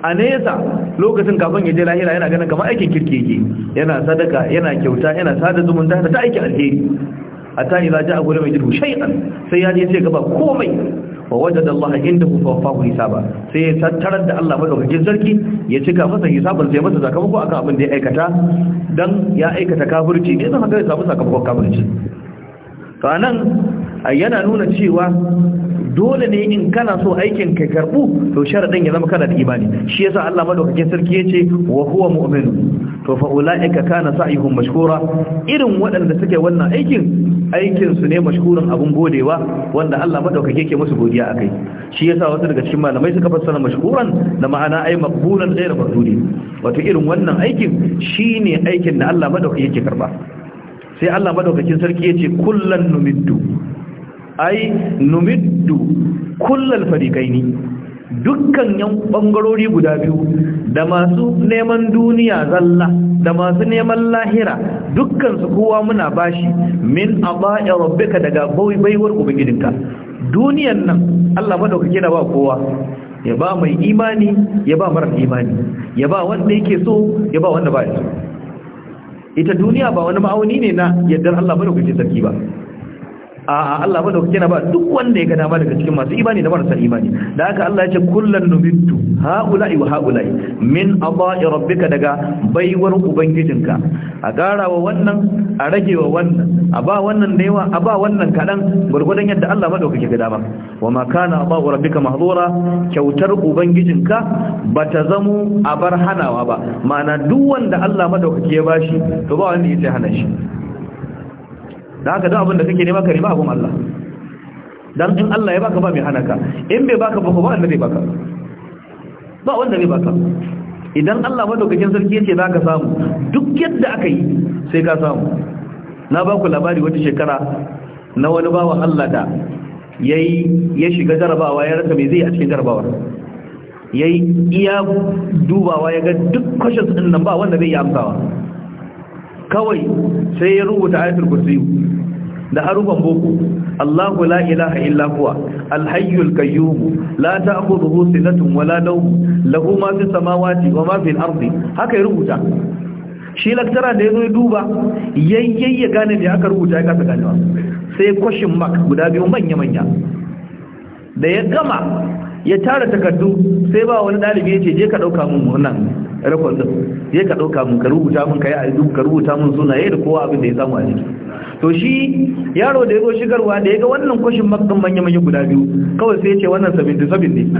a nesa lokacin kafin ya je lahira yana ganin kamar aikin kirki yake yana sadaka yana kyauta yana sada zumunta da ta aiki alheri hatta idza ja'a gulam yajidu shay'an sai ya je sai gaba komai wa wajada Allah indahu fa wafahu hisaba sai ya tattarar da Allah madaukakin sarki ya cika masa hisaban sai masa sakamako akan abin da ya aikata dan ya aikata kafirci ne zan ga ya samu sakamakon kafirci to anan yana nuna cewa dole ne in kana so aikin ka karbu to sharadin ya zama kana da imani shi yasa Allah madaukakin sarki yace wa huwa mu'min to fa ulaika kana sa'ihum mashkura irin waɗanda suke wannan aikin aikin su ne mashkurin abun godewa wanda Allah madaukake yake musu godiya akai shi yasa wasu daga cikin malamai suka fassara mashkuran da ma'ana ai maqbulan ghayr maqdudi wato irin wannan aikin shine aikin da Allah madaukake yake karba sai Allah madaukakin sarki ya ce kullan numiddu ai numiddu kullal fariqaini dukkan yan bangarori guda biyu da masu neman duniya zalla da masu neman lahira dukkan su kowa muna bashi min aba'i rabbika daga baiwar ubangijinka duniyan nan Allah madaukake da ba kowa ya ba mai imani ya ba marar imani ya ba wanda yake so ya ba wanda ba ya so ita duniya ba wani ma'auni ne na yardar Allah kuke sarki ba a Allah ba dauke na ba duk wanda ya ga dama daga cikin masu imani da marasa imani da haka Allah ya ce kullan nubittu haula'i wa haula'i min aba'i rabbika daga baiwar ubangijinka a garawa wannan a ragewa wannan a ba wannan da yawa a ba wannan kadan gurgurdan yadda Allah ba dauke ga dama wa ma kana aba'u rabbika mahdura kyautar ubangijinka bata zamo a bar hanawa ba ma'ana duk wanda Allah madaukake ya bashi to ba wanda ya hana shi da haka da abin da kake nema ka nema abin Allah dan in Allah ya baka ba mai hana ka in bai baka ba ba wanda zai baka ba wanda zai baka idan Allah madaukakin sarki yace zaka samu duk yadda aka yi sai ka samu na ba ku labari wata shekara na wani bawan Allah da yayi ya shiga jarabawa ya rasa me zai a cikin jarabawa yayi iya dubawa ya ga duk questions din nan ba wanda zai yi amsawa kawai sai ya rubuta ayatul kursiyu da haruban boko Allahu la ilaha illa huwa alhayyul qayyum la ta'khudhuhu sinatun wala nawm lahu ma fis samawati wa ma fil ardi haka ya rubuta shi laktara da yazo ya duba yayyaye ya gane da aka rubuta ya kasa ganewa sai question mark guda biyu manya manya da ya gama ya tara takardu sai ba wani ɗalibi ya ce je ka ɗauka mun wannan rakon ɗin je ka ɗauka mun ka rubuta mun ka yi aiki ka rubuta mun sunaye da kowa abin da ya samu a jiki to shi yaro da ya zo shigarwa da ya ga wannan kwashin makon manya-manya guda biyu kawai sai ya ce wannan 77 ne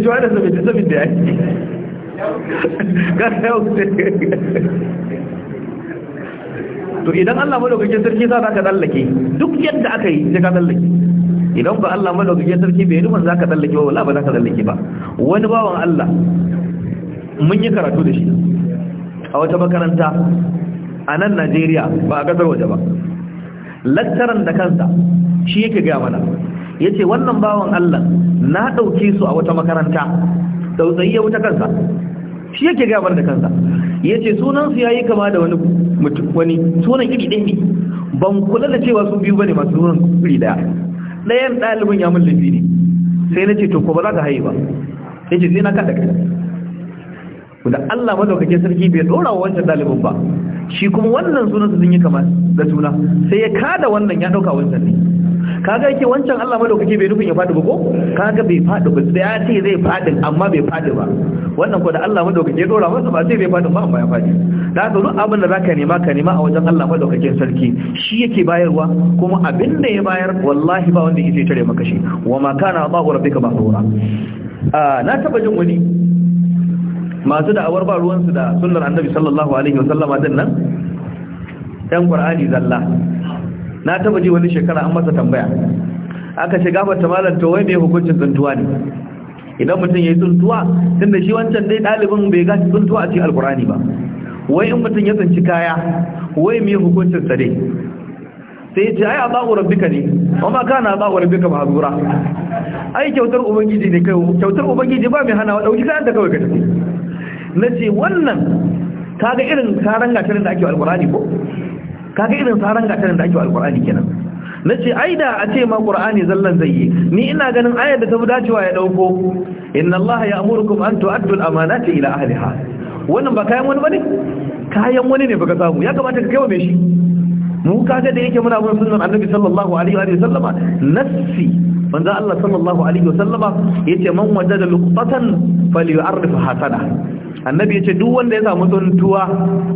[LAUGHS] ya ce wannan 77 da ya yi to idan Allah madaukakin sarki sa zaka tsallake duk yadda aka yi sai ka tsallake idan ba Allah madaukakin sarki bai za zaka tsallake ba wala ba zaka tsallake ba wani bawan Allah mun yi karatu da shi a wata makaranta a nan Najeriya ba a gazar waje ba lakcaran da kansa shi yake ga mana yace wannan bawan Allah na dauke su a wata makaranta tsautsayi ya wuta kansa shi yake mana da kansa ya ce sunansu ya yi kama da wani sunan iri ɗaya ne ban kula da cewa su biyu ba ne masu sunan iri ɗaya ɗayan ɗalibin ya mun lafi ne sai na ce to ko ba za ka haye ba ya ce sai na kada kai da Allah madaukakin sarki bai dora wa wancan ɗalibin ba shi kuma wannan sunan sun yi kama da suna sai ya kada wannan ya ɗauka wancan ne kaga yake wancan Allah madaukaki bai nufin ya fadi ba ko kaga bai fadi ba sai ya ce zai fadin amma bai fadi ba wannan ko da Allah madaukaki ya dora masa ba sai bai fadi ba amma ya fadi da haka duk abin da zaka nema ka nema a wajen Allah madaukakin sarki shi yake bayarwa kuma abin da ya bayar wallahi ba wanda yake tare maka shi wa ma kana Allahu rabbika mahzura na taba jin wani masu da'awar ba ruwansu da sunnar annabi sallallahu alaihi wasallama din nan dan qur'ani zalla na taba ji wani shekara an masa tambaya aka ce gafarta malam to wai me hukuncin tsuntuwa ne idan mutum yayi tsuntuwa tunda shi wancan dai dalibin bai ga tsuntuwa a cikin alkurani ba wai in mutum ya tsinci kaya wai me hukuncin sa dai sai ya ce ai abahu rabbika ne amma kana abahu rabbika mahzura ai kyautar ubangiji ne kai kyautar ubangiji ba mai hana wa dauki kayan da kawai ka tafi nace wannan kaga irin karanga tarin da ake alkurani ko kaga irin saran gatarin da ake wa alqur'ani kenan na ce ai da a ce ma qur'ani zallan zai yi ni ina ganin ayar da ta fi dacewa ya dauko inna allaha ya'murukum an tu'addu al-amanati ila ahliha wannan ba kayan wani bane kayan wani ne baka samu ya kamata ka kaiwa mai shi mu kaga da yake muna bin sunnar annabi sallallahu alaihi wa sallama nassi manzo Allah sallallahu alaihi wa sallama yace man wajada luqatan falyu'arrif hasana annabi ya ce duk wanda ya samu tsuntuwa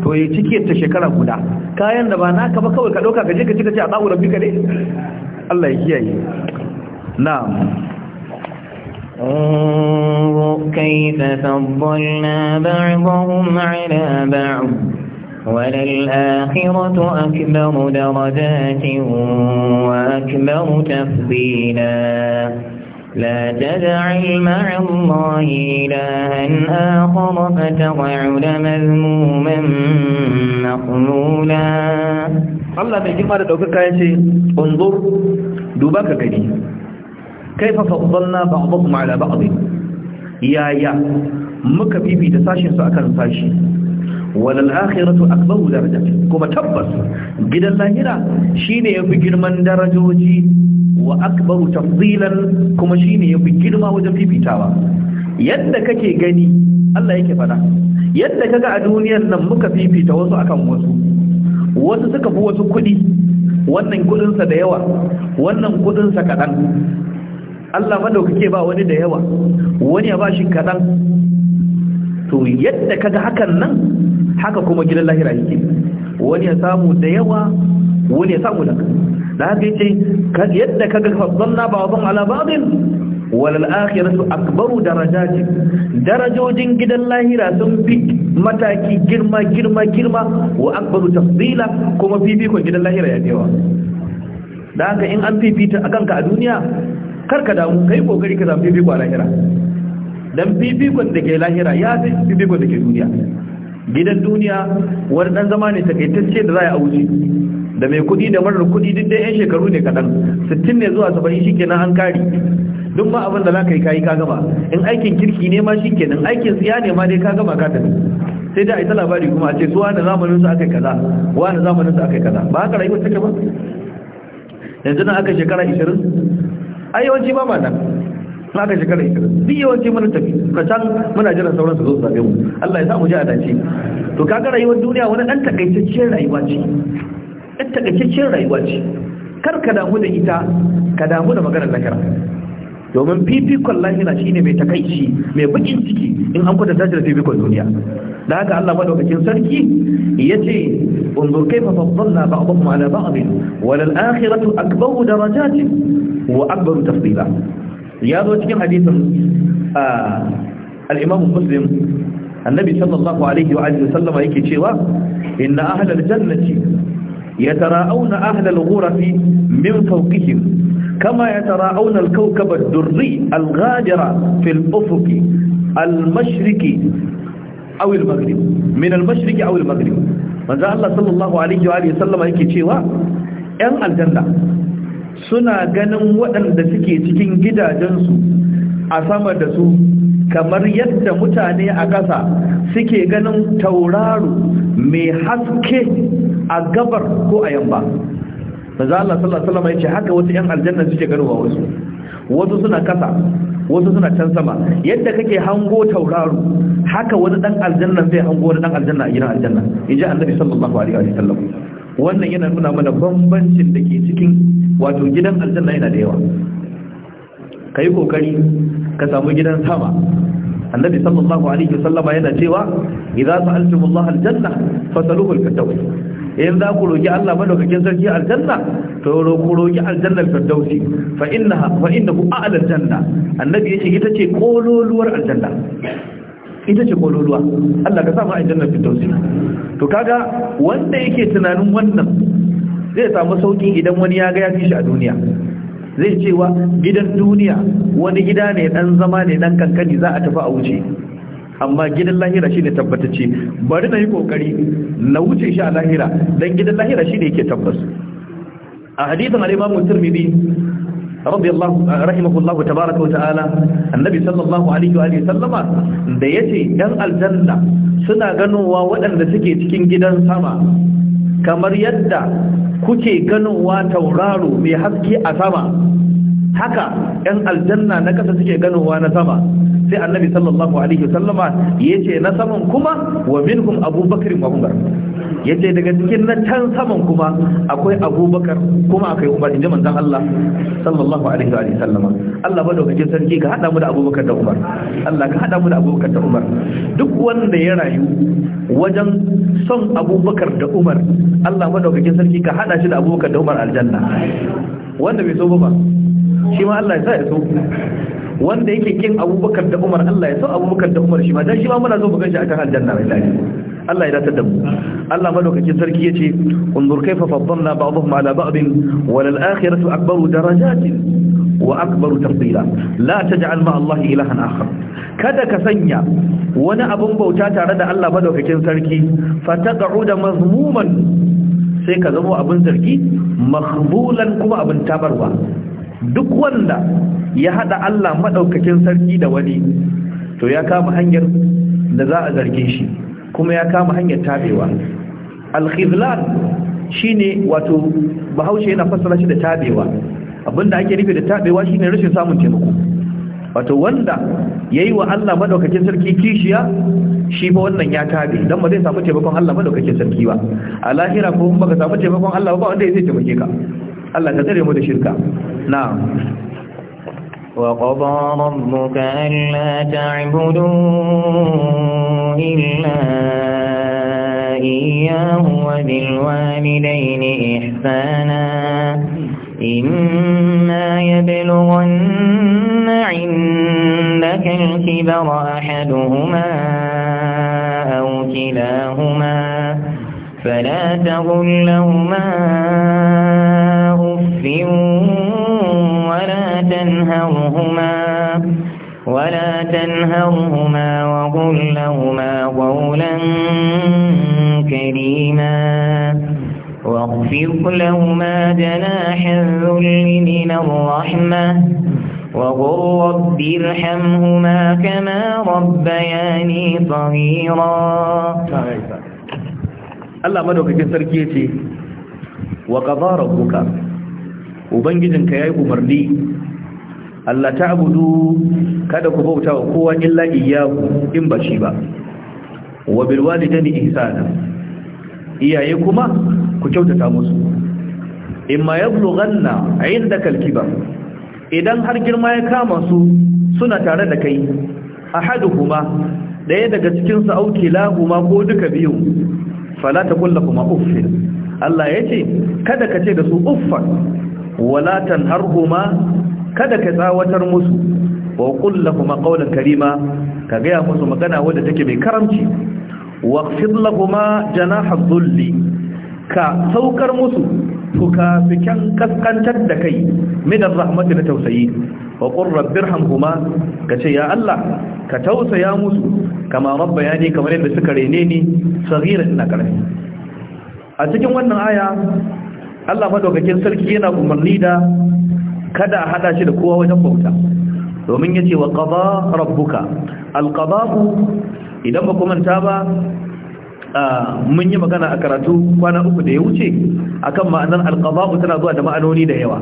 to ya cike ta shekara guda kayan da ba naka ba kawai ka ɗauka ka je ka ci ka ci a tsawon rabbi ka ne Allah ya kiyaye na'am انظر كيف فضلنا بعضهم على akhiratu akbaru darajatin wa وأكبر tafdila لا تدعي مع الله إلها آخر فتضعن مذموما مقلولا الله من جمع يا شيخ انظر دوبك كدي كيف فضلنا بعضكم على بعض يا يا مكبيبي تساشي سأكل ساشي ولا الآخرة أكبر درجة كما تبص جدا لا هنا شيني يبقى من درجة وجيه wa akbaru tafdilan kuma shine yafi girma wajen fifitawa yadda kake gani Allah yake fada yadda kaga a duniyar nan muka fifita wasu akan wasu wasu suka fi wasu kuɗi wannan sa da yawa wannan sa kaɗan Allah madaukake ba wani da yawa wani ya bashi kaɗan to yadda kaga hakan nan haka kuma gidan lahira yake wani ya samu da yawa wani ya samu da da haka yace yadda kaga faddalna ba'dhum ala ba'dhin walal akhiratu akbaru darajati darajojin gidan lahira sun fi mataki girma girma girma wa akbaru tafdila kuma fifikon gidan lahira ya dewa da haka in an fifita akan ka a duniya karka damu kai kokari ka zafi fifiko a lahira dan fifikon da ke lahira ya fi fifikon da ke duniya gidan duniya wani dan zama ne takaitacce da za a wuce da mai kudi da marar kudi duk da yan shekaru ne kadan 60 ne zuwa 70 kenan an kari duk ma abin da za ka yi kayi ka gama in aikin kirki ne ma shi kenan aikin siya ne ma dai ka gama ka tafi sai da a yi ta labari kuma a ce su wani zamanin su aka yi kaza wani zamanin su aka yi kaza ba haka rayuwar take ba yanzu nan aka shekara 20 ai yawanci ba ma nan na aka shekara 20 duk yawanci mun tafi ka san muna jira sauran su zo su zabe mu Allah ya sa mu ji a dace to kaga rayuwar duniya wani dan takaitaccen rayuwa ce ɗan takaitaccen rayuwa ce kar ka damu da ita ka damu da maganar lahira domin fifikon lahira shine mai takaici mai bakin ciki in an kwata tashi da fifikon duniya da haka Allah madaukakin sarki ya yace unzur kayfa ba ba'dhum ala ba'd wa lal akhiratu akbaru darajatin wa akbaru tafdila ya zo cikin hadisin al-imam muslim annabi sallallahu alaihi wa sallama wasallama yake cewa inna ahlal jannati يتراءون أهل الغرف من فوقهم كما يتراءون الكوكب الدري الغادر في الأفق المشرقي أو المغرب من المشرق أو المغرب من ذا الله صلى الله عليه وآله وسلم يكي تشيوا ‘yan aljanna suna ganin waɗanda suke cikin gidajensu a sama da su kamar yadda mutane a ƙasa suke ganin tauraro mai haske a gabar ko a yamma manzo Allah sallallahu alaihi wasallam ce. haka wasu yan aljanna suke garuwa wasu wasu suna kasa wasu suna can sama yadda kake hango tauraro haka wani ɗan aljanna zai hango wani ɗan aljanna a gidan aljanna inji annabi sallallahu alaihi wasallam wannan yana nuna mana bambancin da ke cikin wato gidan aljanna yana da yawa kai kokari ka samu gidan sama annabi sallallahu alaihi wasallama yana cewa idza sa'altumullaha aljanna fasaluhu alfirdaus in za ku roki Allah madaukakin sarki aljanna to ku roki aljannar firdausi fa innaha fa innahu a'la aljanna annabi yace ita ce kololuwar aljanna ita ce kololuwa Allah ka sa mu aljannar firdausi to kaga wanda yake tunanin wannan zai samu sauki idan wani ya ga ya fi shi a duniya zai cewa gidan duniya wani gida ne dan zama ne dan kankani za a tafi a wuce amma gidan lahira shine tabbatacce bari na yi kokari na wuce shi a lahira dan gidan lahira shine yake tabbas a hadisin al-Imam Tirmidhi radiyallahu rahimahullahu tabaaraka wa ta'ala annabi sallallahu alaihi wa sallama da yace dan aljanna suna ganowa waɗanda suke cikin gidan sama kamar yadda kuke ganowa tauraro mai haske a sama haka ɗan aljanna na ƙasa suke ganowa na sama sai annabi sallallahu alaihi wasallama yace na saman kuma wa minhum abubakar wa umar yace daga cikin na can saman kuma akwai abubakar kuma akwai umar inji manzon Allah sallallahu alaihi wa sallama Allah kake sarki ka hada mu da abubakar da umar Allah ka hada mu da abubakar da umar duk wanda ya rayu wajen son abubakar da umar Allah kake sarki ka hada shi da abubakar da umar aljanna wanda bai so ba shi ma Allah ya sa ya so wanda yake kin abubakar da umar Allah ya so abubakar da umar shi ma dan shi ma muna so mu ganshi akan aljanna mai lafi Allah ya datar da mu Allah madaukakin sarki ya yace unzur kayfa faddalna ba'dhum ala ba'd wal akhiratu akbaru darajatin wa akbaru tafdila la taj'al ma Allah ilahan akhar kada ka sanya wani abun bauta tare da Allah madaukakin sarki fa fataqa'uda mazmuman sai ka zama abin zargi makhbulan kuma abin tabarwa duk wanda ya hada Allah madaukakin sarki da wani to ya kama hanyar da za a zarge shi kuma ya kama hanyar tabewa al-khizlan shine wato bahaushe yana fassara shi da tabewa abinda ake nufi da tabewa shine rashin samun taimako wato wanda yayi wa Allah madaukakin sarki kishiya shi fa wannan ya tabe dan ba zai samu taimakon Allah madaukakin sarki ba a lahira ko ba ka samu taimakon Allah ba wanda zai taimake ka الله كثير tsare الشركة نعم وقضى ربك ألا تعبدوا إلا إياه وبالوالدين إحسانا إما يبلغن عندك الكبر أحدهما أو كلاهما فلا تقل لهما أف ولا تنهرهما ولا تنهرهما وقل لهما قولا كريما واغفر لهما جناح الذل من الرحمة وقل رب ارحمهما كما ربياني صغيرا Allah madaukakin sarki yace wa qadara rabbuka ubangijinka yayi umarni Allah ta'budu kada ku bauta wa kowa illa iyyahu in ba shi ba wa bil walidayni ihsana iyaye kuma ku kyautata musu imma yablughanna 'indaka al-kibar idan har girma ya kama su suna tare da kai ahaduhuma daya daga cikin su aukilahuma ko duka biyu fala taqul lakum uffin Allah yace kada ka ce da su uffa wala tanharhuma kada ka tsawatar musu wa qul lahum qawlan karima ka ga musu magana wanda take mai karamci waqfid lahum janaha dhulli ka saukar musu fuka-fikan kaskantar da kai Minan rahmatu na tausayi wa ƙurrar birhan kuma ka ce ya Allah ka tausaya musu kama rabba ya ne kamar yadda suka rene ni tsagirin na ƙarfi a cikin wannan aya Allah madaukakin sarki yana umarni da kada a hada shi da kowa wajen bauta domin ya ce wa ƙaba rabbuka alƙaba'u idan ba manta ba mun yi magana a karatu kwana uku da ya wuce akan ma'anar alƙaba'u tana zuwa da ma'anoni da yawa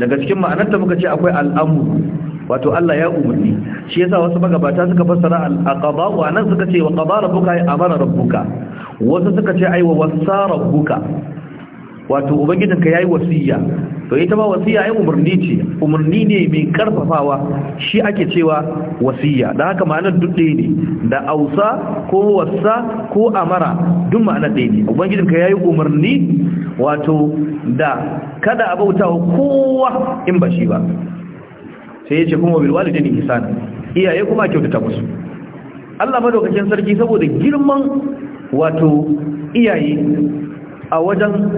daga cikin ma'anarta muka ce akwai al'amu wato Allah ya umarni shi yasa wasu magabata suka fassara alƙaba'u? A nan suka ce wa qada rabbuka ay amara rabbuka wasu suka ce ai wa wasa rabbuka wato ubangijinka yayi wasiya to ita ma wasiya ai umurni ce umurni ne mai karfafawa shi ake cewa wasiya da haka ma'anar duk ɗaya ne da ausa ko wasa ko amara duk ma'anar ɗaya ne ubangijinka yayi umurni wato da kada a bautawa kowa in ba shi ba sai ya ce kuma bil walidaini ihsana iyaye kuma kyautata musu Allah madaukakin sarki saboda girman wato iyaye a wajen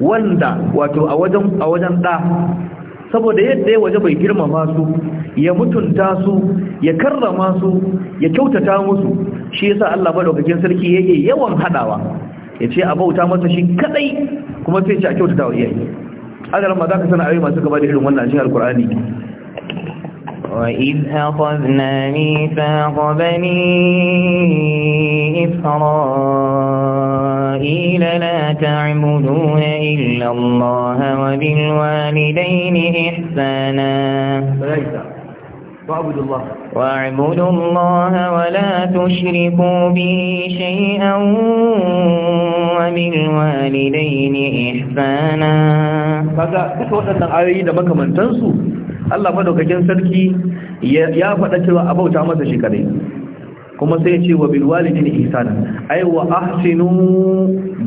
wanda wato a wajen a wajen da saboda yadda ya waje bai girmama su ya mutunta su ya karrama su ya kyautata musu shi yasa Allah madaukakin sarki yake yawan hadawa yace a bauta masa shi kadai kuma sai ya kyautata wa iyaye agar ma zaka sana ayoyi masu gaba da irin wannan shi alkur'ani وإذ أخذنا ميثاق بني إسرائيل لا تعبدون إلا الله وبالوالدين إحسانا واعبدوا الله واعبدوا الله ولا تشركوا به شيئا وبالوالدين إحسانا kaga duka waɗannan ayoyi da makamantansu Allah madaukakin sarki ya faɗa cewa a bauta masa shi kadai kuma sai ya ce wa bil walidaini ihsana ay wa ahsinu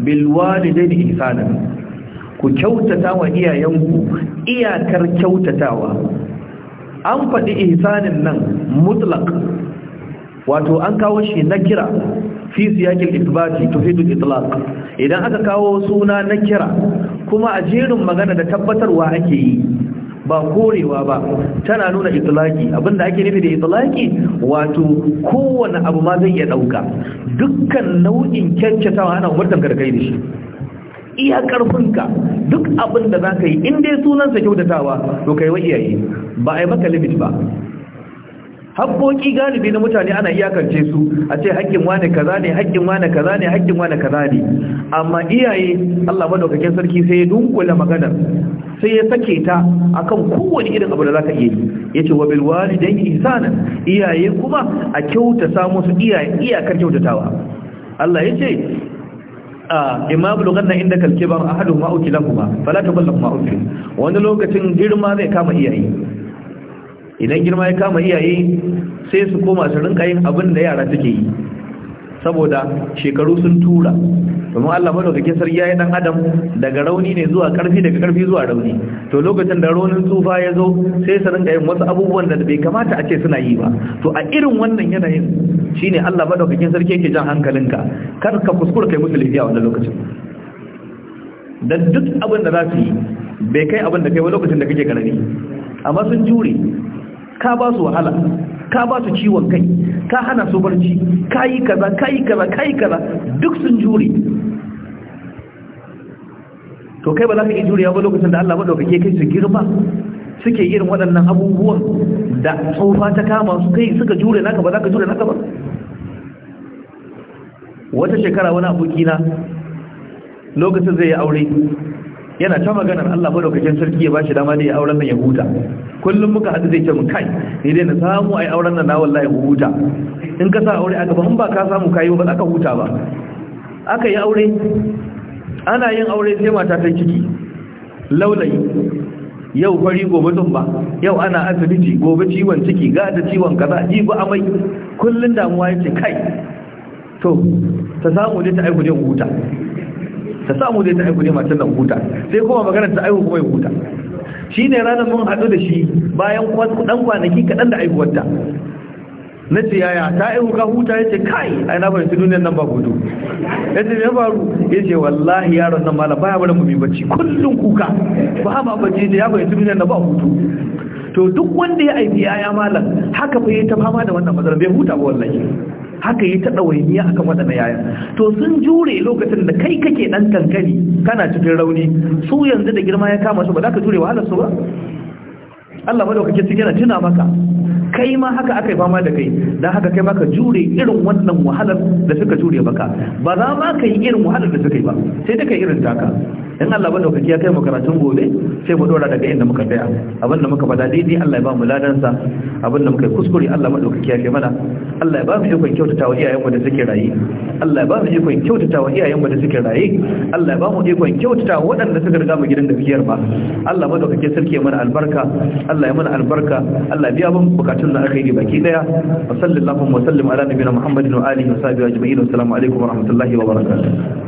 bil walidaini ihsana ku kyautata wa iyayenku iyakar kyautatawa an faɗi ihsanin nan mutlaq wato an kawo shi na kira fi siyakin itibati tufidu itlaq idan aka kawo suna na kira kuma a jerin magana da tabbatarwa ake yi ba korewa ba tana nuna itlaki abinda ake nufi da itlaki wato kowane abu ma zai iya dauka dukkan nau'in kyankyatawa ana umartar gargai da shi iya karfinka duk abin da zaka yi in dai sunansa kyautatawa to kai wai iyaye ba a maka limit ba haƙoƙi galibi na mutane ana iyakance su a ce haƙƙin wane kaza ne haƙƙin wane kaza ne haƙƙin wane kaza ne amma iyaye Allah madaukakin sarki sai ya dunkula maganar sai ya sake ta akan kowane irin abu da zaka iya yi yace wa bil walidayni ihsanan iyaye kuma a kyautata musu iyaye iyakar kyautatawa Allah yace imma bulughanna indaka al-kibar ahaduhuma aw kilahuma fala taballuhuma ufri wani lokacin girma zai kama iyaye idan girma ya kama iyaye sai su koma su rinka yin abin da yara suke yi saboda shekaru sun tura domin Allah madaukakin sarki yayin dan adam daga rauni ne zuwa karfi daga karfi zuwa rauni to lokacin da raunin tsufa ya zo sai su rinka yin wasu abubuwan da bai kamata a ce suna yi ba to a irin wannan yanayin shine Allah madaukakin sarki yake jan hankalinka kar ka kuskura kai musu lafiya wannan lokacin da duk abin da za su yi bai kai abin da kai wani lokacin da kake karani amma sun jure ka ba su wahala ka ba su ciwon kai ka hana su barci ka yi kaza ka yi kaza ka yi kaza duk sun jure to kai ba za ka yi ya ba lokacin da Allah dauke kai su girma suke irin waɗannan abubuwan da tsofa ta kama su kai suka jure naka ba za ka jure naka ba wata shekara wani abokina lokacin zai yi aure yana ta maganar Allah madaukakin sarki ya ba shi dama ne ya auren nan ya huta kullum muka hadu zai ce mun kai ni dai na samu ai auren nan na wallahi huta in ka sa aure a gaba in ba ka samu kai ba aka huta ba aka yi aure ana yin aure sai mata ta ciki laulayi yau fari gobe ba yau ana asibiti gobe ciwon ciki ga da ciwon kaza ba amai kullun damuwa yace kai to ta samu dai ta aiku dai huta ta samu zai ta aiko ne matan nan huta sai kuma magana ta aiko kuma ya huta shi ne ranar mun haɗu da shi bayan ɗan kwanaki kaɗan da aihuwarta na ce yaya ta yi ka huta ya ce kai ai na fahimci duniyan nan ba gudu ya ce ya faru ya ce wallahi yaron nan malam baya bari mu bacci kullum kuka ba ba bacci ya fahimci duniyan nan ba hutu to duk wanda ya aiki yaya malam haka fa yi ta fama da wannan matsalar bai huta ba wallahi haka yi ta ɗawainiya akan na yaya to sun jure lokacin da kai kake ɗan kankani kana cikin rauni su yanzu da girma ya kama su ba za ka jure wahalar su ba Allah madaukakin cikin yana tuna maka kai ma haka aka yi fama da kai dan haka kai maka jure irin wannan wahalar da suka jure maka ba za ma ka yi irin wahalar da suka yi ba sai dai kai irin taka in Allah bada kake ya kai mu karatun gobe sai mu dora daga inda muka tsaya abin da muka fada daidai Allah ya ba mu ladansa abin da muka yi kuskure Allah madaukaki ya kai mana Allah ya ba mu ikon kyautatawa iyayenmu da suke raye Allah ya ba mu ikon kyautatawa iyayenmu da suke raye Allah ya ba mu ikon kyautatawa waɗanda suka riga mu gidan da biyar ba Allah madaukaki sarki mana albarka Allah ya mana albarka Allah biya mun bukatun na alkhairi baki daya wa sallallahu wa sallim ala nabiyina muhammadin wa alihi wa sahbihi ajma'in assalamu alaikum wa rahmatullahi wa barakatuh